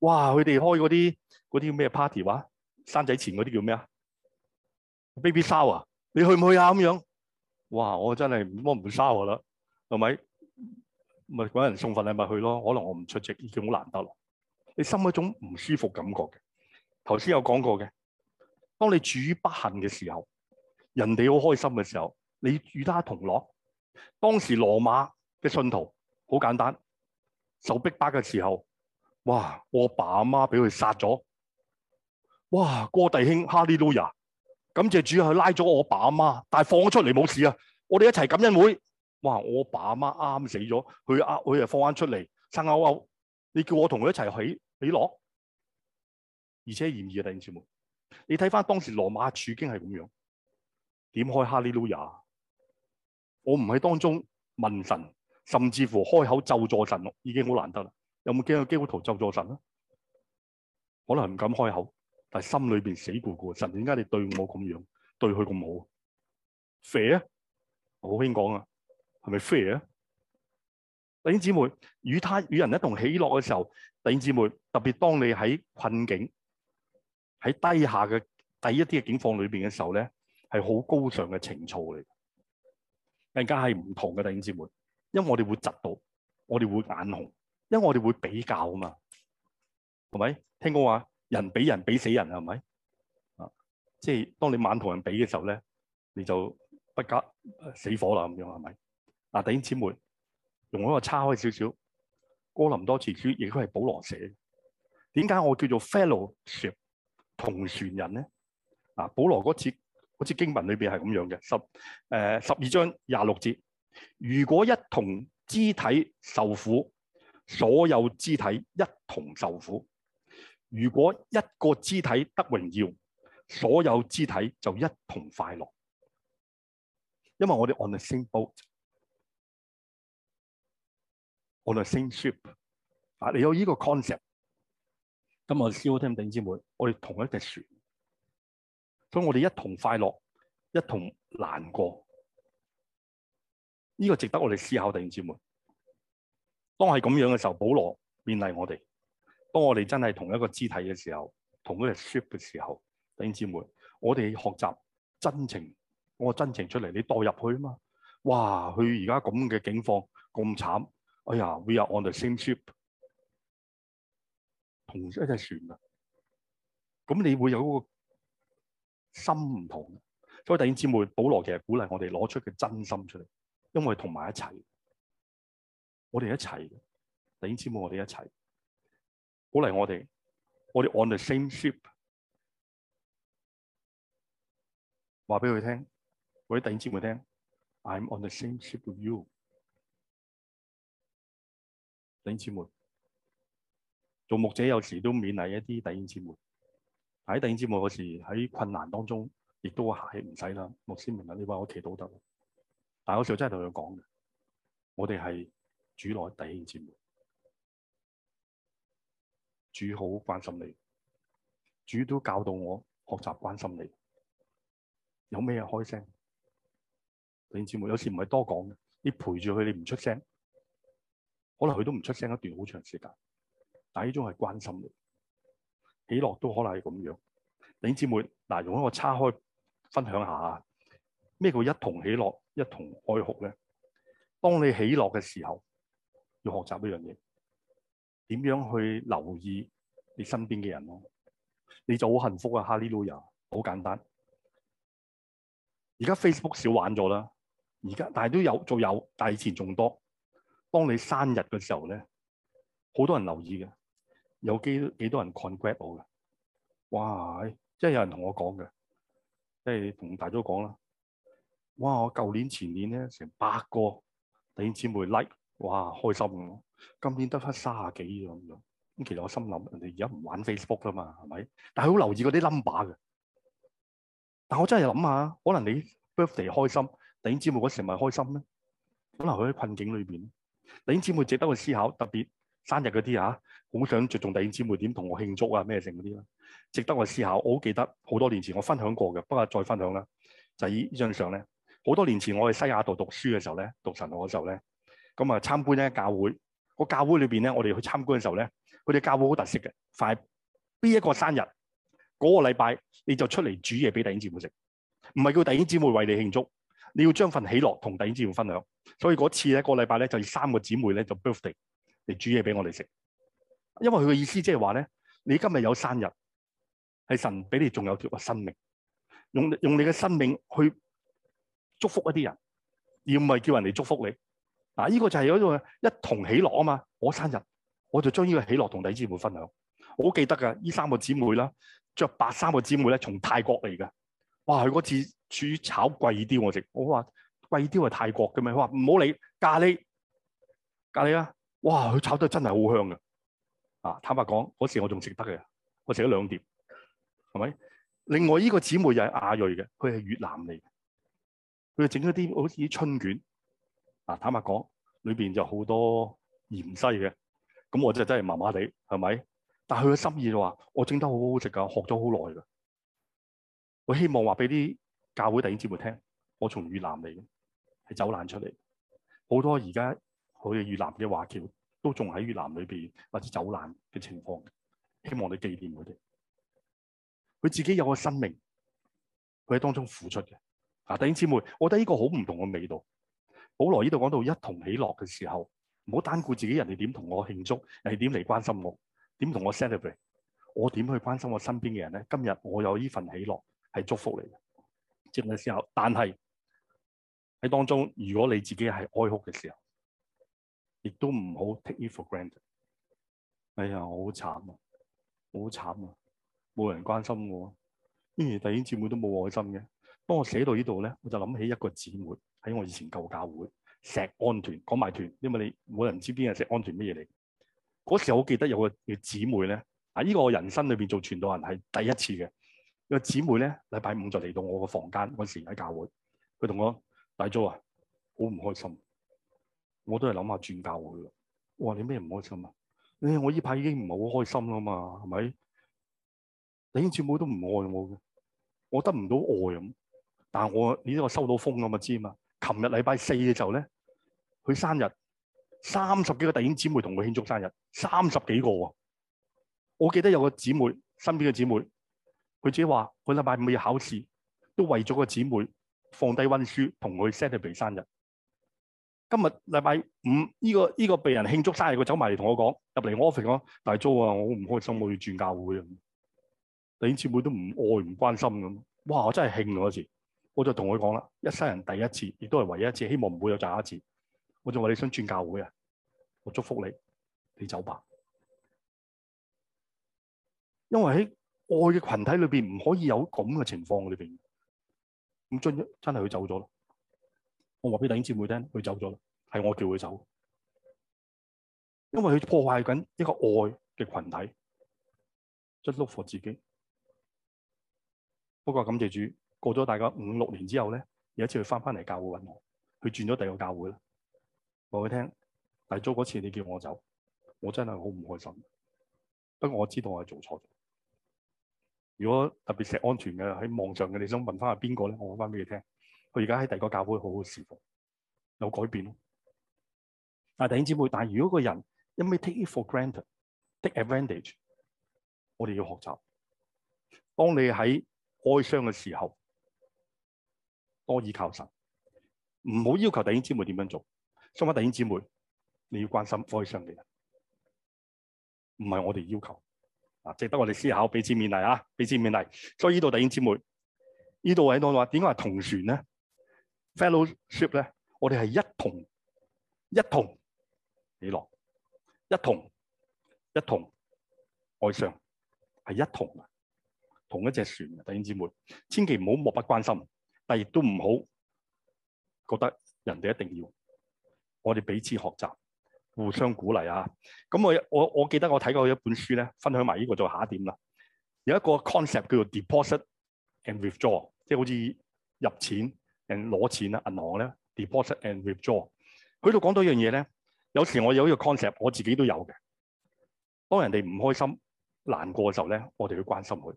哇！佢哋開嗰啲嗰啲咩 party 話生仔前嗰啲叫咩啊？Baby shower 啊，你去唔去啊？咁樣，哇！我真係唔幫唔到 shower 啦，係咪？咪搵人送份禮物去咯。可能我唔出席，已經好難得咯。你心有一種唔舒服感覺嘅。頭先有講過嘅，當你處於不幸嘅時候，人哋好開心嘅時候，你與他同樂。當時羅馬嘅信徒好簡單，受迫害嘅時候，哇！我爸阿媽俾佢殺咗，哇！哥弟兄哈利路亞。感謝主去拉咗我爸阿媽，但係放咗出嚟冇事啊！我哋一齊感恩會，哇！我爸阿媽啱死咗，佢啊，佢又放翻出嚟生吽吽，你叫我同佢一齊起起，起落，而且嫌疑第二條門，你睇翻當時羅馬處境係咁樣，點開哈利路亞？我唔喺當中問神，甚至乎開口咒助神，已經好難得啦！有冇經過基督徒咒助神啊？可能唔敢開口。但係心裏邊死固固，神點解你對我咁樣，對佢咁好？Fair？我好輕講啊，係咪 fair？弟兄姊妹與他與人一同喜樂嘅時候，弟兄姊妹特別當你喺困境、喺低下嘅低一啲嘅境況裏邊嘅時候咧，係好高尚嘅情操嚟，更加係唔同嘅弟兄姊妹，因為我哋會嫉妒，我哋會眼紅，因為我哋會比較啊嘛，係咪？聽過話。人比人比死人啊，係咪啊？即係當你猛同人比嘅時候咧，你就不加、呃、死火啦，咁樣，係咪？啊，弟兄姊妹，用一個叉開少少，《哥林多前書》亦都係保羅寫。點解我叫做 fellowship 同船人咧？啊，保羅嗰節嗰節經文裏邊係咁樣嘅十誒十二章廿六節，如果一同肢體受苦，所有肢體一同受苦。如果一個肢體得榮耀，所有肢體就一同快樂，因為我哋 on the same boat，on the same ship 啊！你有呢個 concept，咁我哋燒 team 弟兄姊妹，我哋同一隻船，所以我哋一同快樂，一同難過。呢、這個值得我哋思考，弟兄姊妹。當係咁樣嘅時候，保羅勉勵我哋。當我哋真係同一個肢體嘅時候，同一隻 ship 嘅時候，弟兄姊妹，我哋學習真情，我真情出嚟，你代入去啊嘛，哇！佢而家咁嘅境況咁慘，哎呀，we are on the same ship，同一隻船啊，咁你會有嗰個心唔同。所以弟兄姊妹，保羅其實鼓勵我哋攞出嘅真心出嚟，因為同埋一齊，我哋一齊，弟兄姊妹，我哋一齊。好嚟，我哋，我哋 on the same ship。話俾佢聽，我哋弟兄姊妹聽，I'm on the same ship with you。弟兄姊妹，做牧者有時都勉勵一啲弟兄姊妹。喺弟兄姊妹嗰時喺困難當中，亦都客氣唔使啦，牧師們啦，你話我祈禱都得。但係有時候真係同佢講嘅，我哋係主內弟兄姊妹。主好關心你，主都教導我學習關心你。有咩啊？開聲，弟兄姊妹，有時唔係多講嘅，你陪住佢，你唔出聲，可能佢都唔出聲一段好長時間。但係呢種係關心你，喜樂都可能係咁樣。弟兄姊妹，嗱，用一個叉開分享下咩叫一同喜樂、一同哀哭咧？當你喜樂嘅時候，要學習呢樣嘢。點樣去留意你身邊嘅人咯？你就好幸福啊！哈利路亞，好簡單。而家 Facebook 少玩咗啦，而家但係都有仲有，但係以前仲多。當你生日嘅時候咧，好多人留意嘅，有幾幾多人 congrat 我嘅，哇！即係有人同我講嘅，即係同大嫂講啦。哇！我舊年、前年咧成百個弟兄姊妹 like，哇！開心、啊。今年得翻三十幾，咁樣。咁其實我心諗，人哋而家唔玩 Facebook 啦嘛，係咪？但係好留意嗰啲 number 嘅。但我真係諗下，可能你 birthday 開心，弟兄姊妹嗰時咪開心咩？可能佢喺困境裏邊，弟兄姊妹值得我思考，特別生日嗰啲啊，好想着重弟兄姊妹點同我慶祝啊，咩剩嗰啲啦，值得我思考。我好記得好多年前我分享過嘅，不過再分享啦，就係呢張相咧。好多年前我喺西亞度讀書嘅時候咧，讀神學嘅時候咧，咁啊，參觀咧教會。個教會裏邊咧，我哋去參觀嘅時候咧，佢哋教會好特色嘅，凡係邊一個生日嗰個禮拜，你就出嚟煮嘢俾弟兄姊妹食，唔係叫弟兄姊妹為你慶祝，你要將份喜樂同弟兄姊妹分享。所以嗰次咧個，禮拜咧，就是，三個姊妹咧就 birthday 嚟煮嘢俾我哋食，因為佢嘅意思即係話咧，你今日有生日，係神俾你仲有條個生命，用用你嘅生命去祝福一啲人，而唔係叫人嚟祝福你。嗱，呢個就係嗰種一同喜樂啊嘛！我生日，我就將呢個喜樂同弟兄姊妹分享。我好記得噶，呢三個姊妹啦，着白衫嘅姊妹咧，從泰國嚟嘅。哇，佢嗰次煮炒貴刁，我食。我話貴刁係泰國嘅咩？佢話唔好理，咖喱咖喱啊！哇，佢炒得真係好香嘅。啊，坦白講，嗰時我仲食得嘅，我食咗兩碟，係咪？另外呢、呢個姊妹又係亞裔嘅，佢係越南嚟，佢整咗啲好似啲春卷。嗱，坦白講，裏邊就好多芫荽嘅，咁我真係真係麻麻地，係咪？但係佢嘅心意就話：我整得好好食㗎，學咗好耐㗎。我希望話俾啲教會弟兄姊妹聽，我從越南嚟嘅，係走難出嚟。好多而家佢哋越南嘅華僑都仲喺越南裏邊或者走難嘅情況，希望你紀念佢哋。佢自己有個生命，佢喺當中付出嘅。啊，弟兄姊妹，我覺得呢個好唔同嘅味道。好耐呢度講到一同喜樂嘅時候，唔好單顧自己，人哋點同我慶祝，人哋點嚟關心我，點同我 celebrate，我點去關心我身邊嘅人咧？今日我有呢份喜樂係祝福嚟嘅，接住思候，但係喺當中，如果你自己係哀哭嘅時候，亦都唔好 take it for granted。哎呀，我好慘啊，好慘啊，冇人關心我，跟、嗯、住弟兄姊妹都冇愛心嘅。當我寫到呢度咧，我就諗起一個姊妹。喺我以前舊教會石安團講埋團，因為你冇人知邊個石安團乜嘢嚟。嗰時我記得有個叫姊妹咧，啊、這、呢個人生裏邊做傳道人係第一次嘅。有個姊妹咧禮拜五就嚟到我個房間嗰時喺教會，佢同我大 jo 啊好唔開心，我都係諗下轉教會咯。我話你咩唔開心啊？你、哎、我呢排已經唔係好開心啦嘛，係咪？你姊妹都唔愛我嘅，我得唔到愛咁，但我你都話收到風咁嘛，知嘛？琴日禮拜四嘅時候咧，佢生日，三十幾個弟兄姊妹同佢慶祝生日，三十幾個喎。我記得有個姊妹，身邊嘅姊妹，佢自己話：佢禮拜五要考試，都為咗個姊妹放低溫書，同佢 set up 嚟生日。今日禮拜五，呢個呢個被人慶祝生日，佢走埋嚟同我講：入嚟我 office 大租啊，我好唔開心，我要轉教會啊。弟兄姊妹都唔愛唔關心咁，哇！我真係慶嗰時。我就同佢講啦，一生人第一次，亦都係唯一一次，希望唔會有第二次。我就話，你想轉教會啊？我祝福你，你走吧。因為喺愛嘅群體裏邊，唔可以有咁嘅情況裏邊。咁真真係佢走咗啦。我話俾弟兄姊妹聽，佢走咗啦，係我叫佢走，因為佢破壞緊一個愛嘅群體，真係束縛自己。不過感謝主。過咗大概五六年之後咧，有一次佢翻返嚟教會揾我，佢轉咗第二個教會咧，我講俾你聽，但係做嗰次你叫我走，我真係好唔開心。不過我知道我係做錯咗。如果特別錫安全嘅喺網上嘅，你想問翻係邊個咧，我講翻俾你聽。佢而家喺第二個教會好好侍奉，有改變咯。啊弟兄姊妹，但係如果個人一味 take it for granted、take advantage，我哋要學習。當你喺哀傷嘅時候，多依靠神，唔好要，要求弟兄姊妹點樣做。相反，弟兄姊妹，你要關心、愛上你人，唔係我哋要求。啊，值得我哋思考，彼此勉勵啊，彼此勉勵。所以呢度弟兄姊妹，呢度喺度話，點解係同船咧？Fellowship 咧，我哋係一同、一同起落，一同、一同愛上，係一同啊，同一隻船。弟兄姊妹，千祈唔好漠不關心。但亦都唔好覺得人哋一定要，我哋彼此學習，互相鼓勵啊！咁我我我記得我睇過一本書咧，分享埋呢個做下一點啦。有一個 concept 叫做 dep deposit and withdraw，即係好似入錢，誒攞錢啦，銀行咧 deposit and withdraw。佢度講到一樣嘢咧，有時我有呢個 concept，我自己都有嘅。當人哋唔開心、難過嘅時候咧，我哋要關心佢。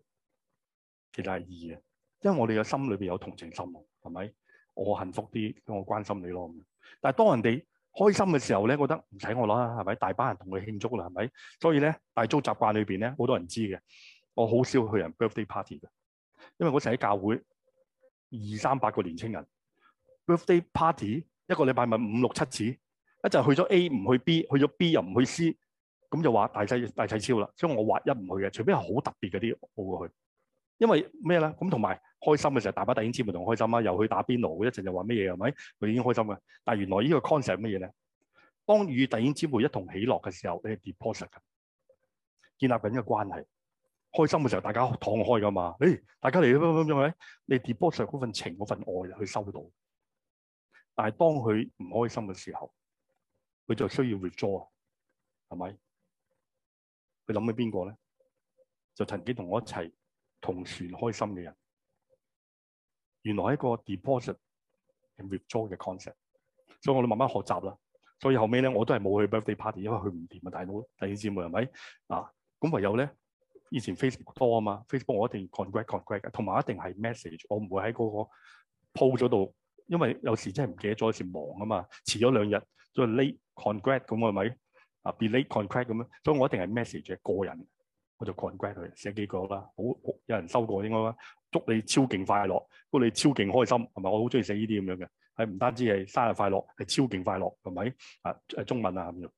其實係二嘅。因為我哋嘅心裏面有同情心喎，係咪？我幸福啲，咁我關心你咯。但係當人哋開心嘅時候咧，覺得唔使我啦，係咪？大班人同佢慶祝啦，係咪？所以咧，大眾習慣裏邊咧，好多人知嘅。我好少去人 birthday party 嘅，因為我成日喺教會二三百個年青人 birthday party 一個禮拜咪五六七次，一陣去咗 A 唔去 B，去咗 B 又唔去 C，咁就話大細大細超啦。所以我話一唔去嘅，除非係好特別嗰啲，我會去。因為咩咧？咁同埋開心嘅時候，大把弟兄姊妹同開心啦。又去打邊爐，一陣就話咩嘢，係咪？佢已經開心嘅。但係原來個呢個 concept 係乜嘢咧？當與弟兄姊妹一同喜樂嘅時候，你係 deposit 嘅，建立緊一個關係。開心嘅時候，大家敞開噶嘛？誒、哎，大家嚟，咁樣，咁樣，係你 deposit 嗰份情，嗰份愛去收到。但係當佢唔開心嘅時候，佢就需要 withdraw，係咪？佢諗起邊個咧？就曾經同我一齊。同船開心嘅人，原來係一個 deposit and withdraw 嘅 concept，所以我哋慢慢學習啦。所以後尾咧，我都係冇去 birthday party，因為佢唔掂啊，大佬。第二節目係咪啊？咁唯有咧，以前 Facebook 多啊嘛，Facebook 我一定 congrat，congrat 同埋一定係 message。我唔會喺嗰個 po 咗度，因為有時真係唔記得咗，有時忙啊嘛，遲咗兩日，所以 late，congrat 咁係咪啊？be late congrat 咁樣，所以我一定係 message 嘅個人。我就 congrat 佢寫幾個啦，好有人收過應該啦，祝你超勁快樂，祝你超勁開心，係咪？我好中意寫呢啲咁樣嘅，係唔單止係生日快樂，係超勁快樂，係咪？啊，中文啊，咁樣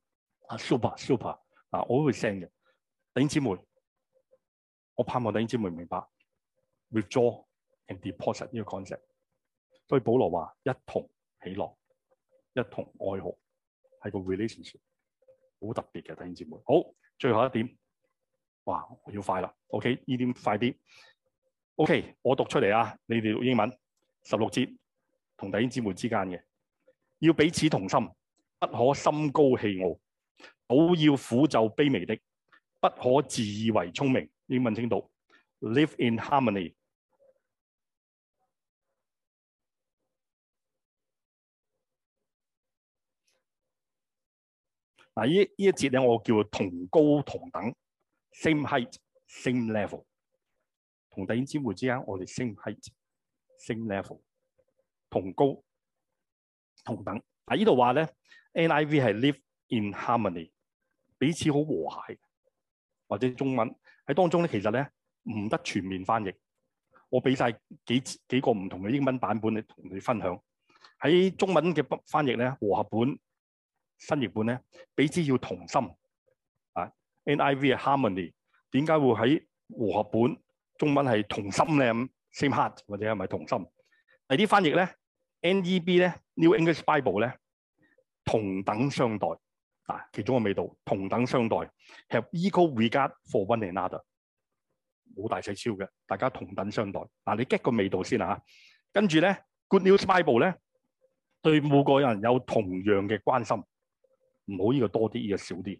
啊 super super 啊，我都會 send 嘅。弟兄姊妹，我盼望弟兄姊妹明白 withdraw and deposit 呢個 concept，所以保羅話一同喜樂，一同愛好，係個 relationship 好特別嘅。弟兄姊妹，好，最後一點。哇！我要快啦，OK？呢點快啲？OK，我讀出嚟啊！你哋讀英文，十六節，同弟兄姊妹之間嘅，要彼此同心，不可心高氣傲，好要俯就卑微的，不可自以為聰明。英文清讀，Live in harmony。嗱，呢一節咧，我叫同高同等。Same height, same level。同弟兄姊妹之間，我哋 same height, same level，同高同等。喺呢度話咧，NIV 係 live in harmony，彼此好和諧。或者中文喺當中咧，其實咧唔得全面翻譯。我俾晒幾幾個唔同嘅英文版本，嚟同你分享。喺中文嘅翻譯咧，和合本、新譯本咧，彼此要同心。NIV 係 Harmony，點解會喺和合本中文係同心咧咁？Same heart 或者係咪同心？呢啲翻譯咧，NEB 咧，New English Bible 咧，同等相待啊，其中嘅味道，同等相待。Have equal regard for one another，冇大細超嘅，大家同等相待。嗱、啊，你 get 個味道先啊，跟住咧，Good News Bible 咧，對每個人有同樣嘅關心，唔好呢個多啲，呢、呢個少啲。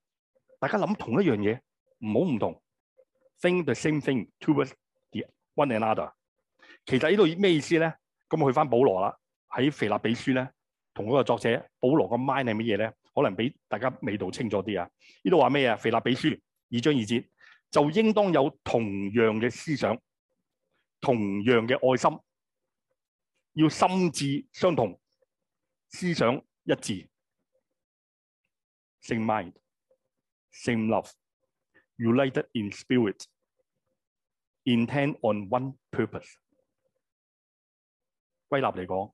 大家諗同一樣嘢，唔好唔同。Think the same thing to the one another。其實呢度咩意思咧？咁我去翻保羅啦，喺腓立比書咧，同嗰個作者保羅個 mind 係乜嘢咧？可能俾大家味道清楚啲啊！呢度話咩啊？腓立比書二章二節就應當有同樣嘅思想，同樣嘅愛心，要心智相同，思想一致 same mind。Same love, united in spirit, intent on one purpose。歸納嚟講，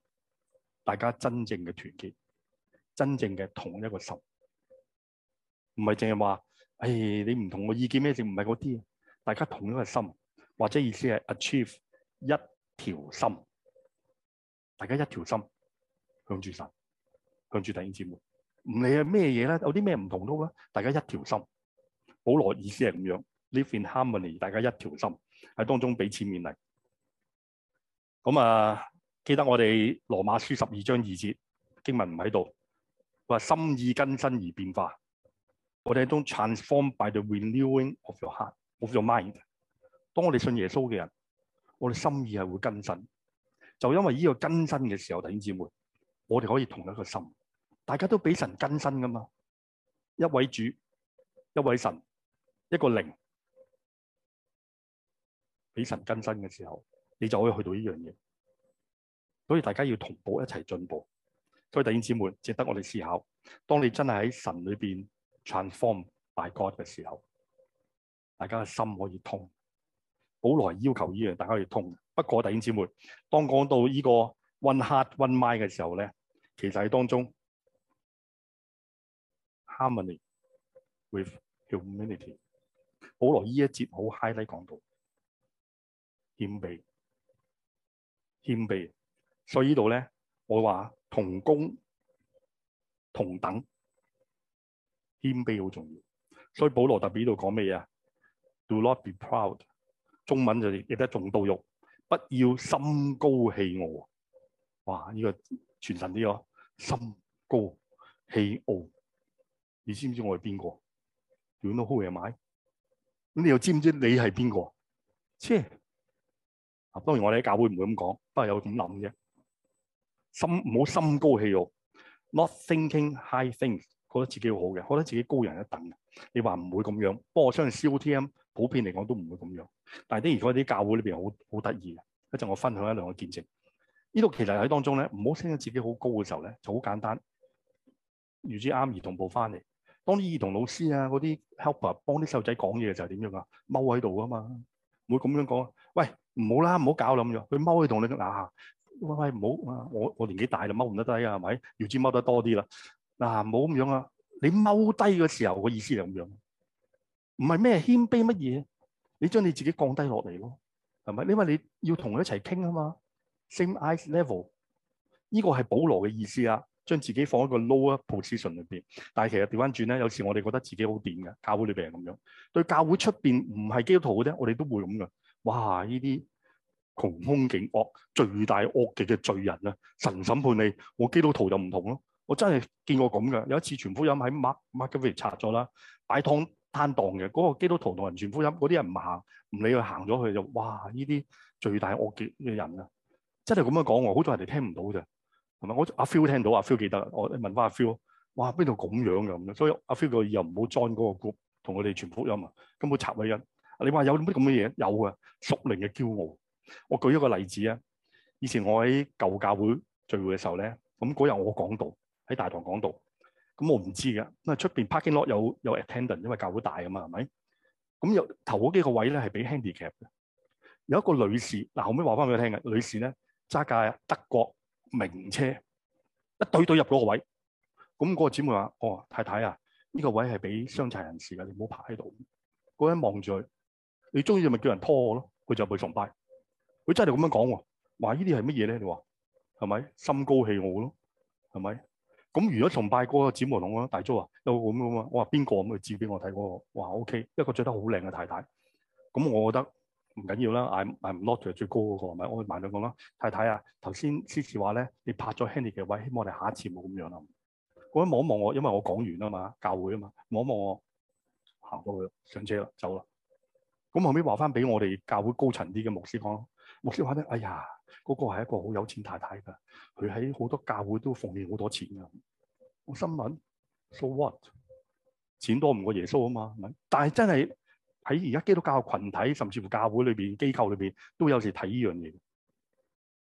大家真正嘅團結，真正嘅同一個心，唔係淨係話，哎，你唔同我意見咩？正唔係嗰啲，大家同一個心，或者意思係 achieve 一條心，大家一條心，向住神，向住弟兄姊妹。唔理係咩嘢咧，有啲咩唔同都好啦。大家一條心，保羅意思係咁樣，live in harmony，大家一條心喺當中彼此勉勵。咁啊，記得我哋羅馬書十二章二節經文唔喺度，話心意更新而變化。我哋係一種 transform by the renewing of your heart, of your mind。當我哋信耶穌嘅人，我哋心意係會更新，就因為呢個更新嘅時候，弟兄姊妹，我哋可以同一個心。大家都俾神更新噶嘛？一位主，一位神，一個靈俾神更新嘅時候，你就可以去到呢樣嘢。所以大家要同步一齊進步。所以弟兄姊妹，值得我哋思考。當你真係喺神裏邊 transform by God 嘅時候，大家嘅心可以通。保羅要求呢樣，大家可以通。不過弟兄姊妹，當講到呢個 one heart one mind 嘅時候咧，其實喺當中。Harmony with humanity。保羅依一節好 highly 講到謙卑，謙卑。所以呢度咧，我話同工同等，謙卑好重要。所以保羅特別呢度講咩嘢啊？Do not be proud。中文就譯得仲多肉，不要心高氣傲。哇，呢、這個傳神啲、這、咯、個，心高氣傲。你知唔知我係邊個？點都好嘢買。咁你又知唔知你係邊個？切！啊，當然我哋喺教會唔會咁講，不過有咁諗啫。心唔好心高氣傲，not thinking high things，覺得自己好嘅，覺得自己高人一等。你話唔會咁樣，不過我相信 COTM 普遍嚟講都唔會咁樣。但係的，的，如果啲教會裏邊好好得意嘅，一陣我分享一兩個見證。呢度其實喺當中咧，唔好升到自己好高嘅時候咧，就好簡單，如之啱兒同步翻嚟。當啲兒童老師啊，嗰啲 helper 幫啲細路仔講嘢就係點樣啊？踎喺度啊嘛，唔會咁樣講。喂，唔好啦，唔好搞啦咁樣。佢踎喺度你嗱，喂喂，唔好，我我年紀大啦，踎唔得低啊，係咪？要知踎得多啲啦。嗱，唔好咁樣啊。這樣你踎低嘅時候嘅、那個、意思係咁樣，唔係咩謙卑乜嘢？你將你自己降低落嚟咯，係咪？因為你要同佢一齊傾啊嘛，same eye level。呢個係保羅嘅意思啊。將自己放喺個 lower position 裏邊，但係其實調翻轉咧，有時我哋覺得自己好掂嘅，教會裏邊咁樣，對教會出邊唔係基督徒嘅啫，我哋都會咁嘅。哇！呢啲窮兇極惡、最大惡極嘅罪人啊，神審判你。我基督徒就唔同咯，我真係見過咁嘅。有一次傳福音喺 Mark Mark 嘅咗啦，擺攤攤檔嘅嗰個基督徒同人傳福音，嗰啲人唔行，唔理佢行咗去就，就哇！呢啲最大惡極嘅人啊，真係咁樣講喎，好在人哋聽唔到啫。係咪？我阿 Phil、啊、聽到，阿、啊、Phil 記得，我問翻阿 Phil，哇邊度咁樣㗎？所以阿 Phil 又唔好 join 嗰個 group，同我哋傳福音啊，根本插位音。你話有乜咁嘅嘢？有啊，屬靈嘅驕傲。我舉一個例子啊，以前我喺舊教會聚會嘅時候咧，咁嗰日我講道，喺大堂講道，咁我唔知嘅，咁啊出邊 parking lot 有有 attendant，因為教會大啊嘛，係咪？咁有頭嗰幾個位咧係俾 handicap 嘅，有一個女士，嗱後尾話翻俾佢聽嘅，女士咧揸架德國名車一隊隊入咗個位，咁嗰個姊妹話：哦太太啊，呢、這個位係俾傷殘人士㗎，你唔好泊喺度。嗰人望住佢，你中意咪叫人拖我咯？佢就去崇拜。佢真係咁樣講喎、啊，話呢啲係乜嘢咧？你話係咪心高氣傲咯？係咪？咁如果崇拜嗰個姐妹無龍啊，大鐘啊，都咁啊嘛，我話邊個咁去照俾我睇嗰個？話 O K，一個着得好靚嘅太太，咁我覺得。唔緊要啦，買買唔落就最高嗰個，咪我慢啲講啦。太太啊，頭先司事話咧，你拍咗 Henry 嘅位，希望我哋下一次冇咁樣啦。我望一望我，因為我講完啊嘛，教會啊嘛，望一望我，行過去上車啦，走啦。咁後尾話翻俾我哋教會高層啲嘅牧師講，牧師話咧，哎呀，嗰個係一個好有錢太太㗎，佢喺好多教會都奉獻好多錢㗎。我心諗，so what？錢多唔過耶穌啊嘛，咪？但係真係。喺而家基督教嘅群體，甚至乎教會裏邊、機構裏邊，都有時睇呢樣嘢。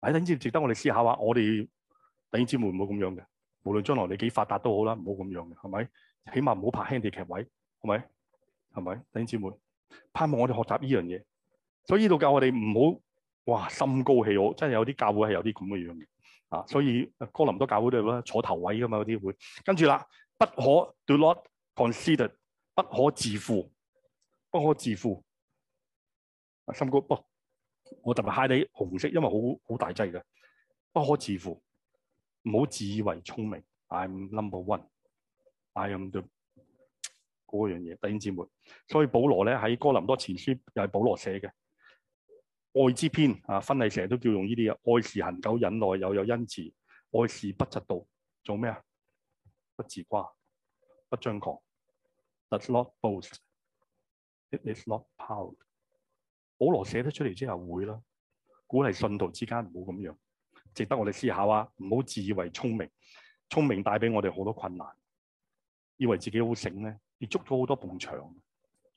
喺啲姊妹值得我哋思考下。我哋弟兄姊妹唔好咁樣嘅，無論將來你幾發達都好啦，唔好咁樣嘅，係咪？起碼唔好拍輕地劇位，係咪？係咪？弟兄姊妹，盼望我哋學習呢樣嘢。所以呢度教我哋唔好哇，心高氣傲，真係有啲教會係有啲咁嘅樣嘅啊。所以哥林多教會都係坐頭位嘅嘛，有啲會跟住啦，不可 do not consider 不可自負。不可自負，阿心哥，不，我特別嗨你 g 紅色，因為好好大劑嘅，不可自負，唔好自以為聰明。I'm number one I am the。I'm the 嗰樣嘢，弟兄姊妹。所以保羅咧喺哥林多前書又係保羅寫嘅《愛之篇》啊，婚禮成日都叫用呢啲嘢。愛是恒久忍耐，又有，有恩慈；愛是不嫉妒，做咩啊？不自誇，不張狂，not boast。It is not power。保羅寫得出嚟之後會啦，鼓勵信徒之間唔好咁樣，值得我哋思考啊！唔好自以為聰明，聰明帶俾我哋好多困難，以為自己好醒咧，亦捉咗好多碰牆，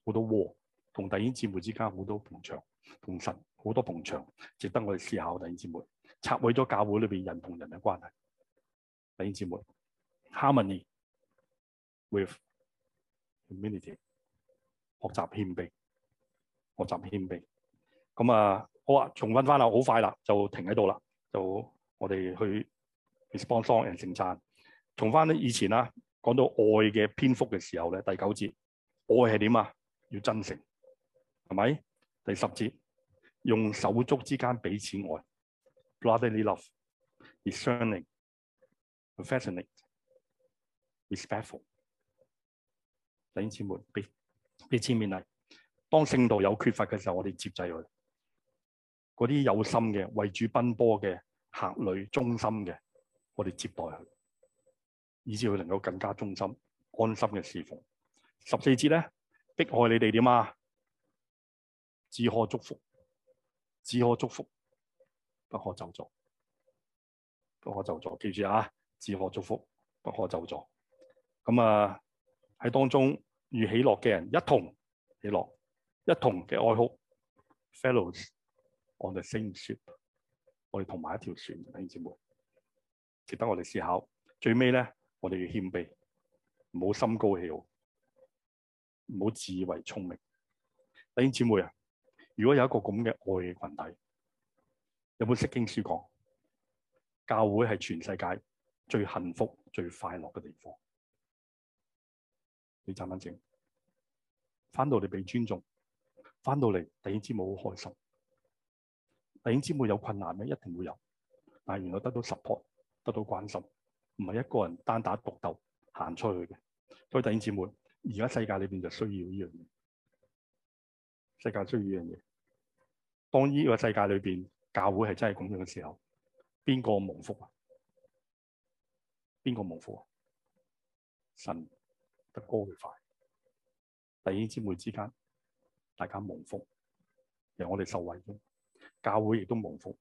好多禍，同弟兄姊妹之間好多碰牆，同神好多碰牆，值得我哋思考啊。弟兄姊妹，拆毀咗教會裏邊人同人嘅關係。弟兄姊妹，harmony with community 學習謙卑，學習謙卑，咁啊，好啊，重溫翻啦，好快啦，就停喺度啦，就我哋去 respond，雙人盛讚，重翻咧以前啦、啊，講到愛嘅篇幅嘅時候咧，第九節，愛係點啊？要真誠，係咪？第十節，用手足之間彼此愛 brotherly love，is shining, fascinating, respectful 等全部。彼此勉勵。當聖道有缺乏嘅時候，我哋接濟佢；嗰啲有心嘅為主奔波嘅客旅，忠心嘅，我哋接待佢，以至佢能夠更加忠心、安心嘅侍奉。十四節咧，迫害你哋點啊？只可祝福，只可祝福，不可咒詛。不可咒詛，記住啊！只可祝福，不可咒詛。咁啊，喺當中。與喜樂嘅人一同喜樂，一同嘅愛哭。Fellows，on the same ship，我哋同埋一條船。弟兄姐妹，值得我哋思考。最尾咧，我哋要謙卑，唔好心高氣傲，唔好自以為聰明。弟兄姐妹啊，如果有一個咁嘅愛嘅群體，有冇識經書講？教會係全世界最幸福、最快樂嘅地方。你賺翻錢，翻到嚟，被尊重，翻到嚟弟兄姊妹好開心。弟兄姊妹有困難咧，一定會有。但係原來得到 support，得到關心，唔係一個人單打獨鬥行出去嘅。所以弟兄姊妹，而家世界裏邊就需要呢樣嘢，世界需要呢樣嘢。當呢個世界裏邊教會係真係咁樣嘅時候，邊個蒙福啊？邊個蒙福啊？神。哥會快，弟兄姊妹之間大家蒙福，由我哋受惠嘅教會亦都蒙福，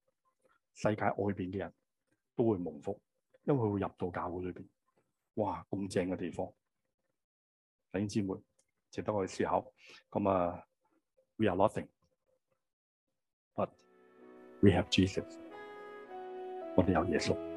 世界外邊嘅人都會蒙福，因為會入到教會裏邊，哇咁正嘅地方。弟兄姊妹，值得我哋思考。咁啊，We are nothing，but we have Jesus。我哋有耶穌。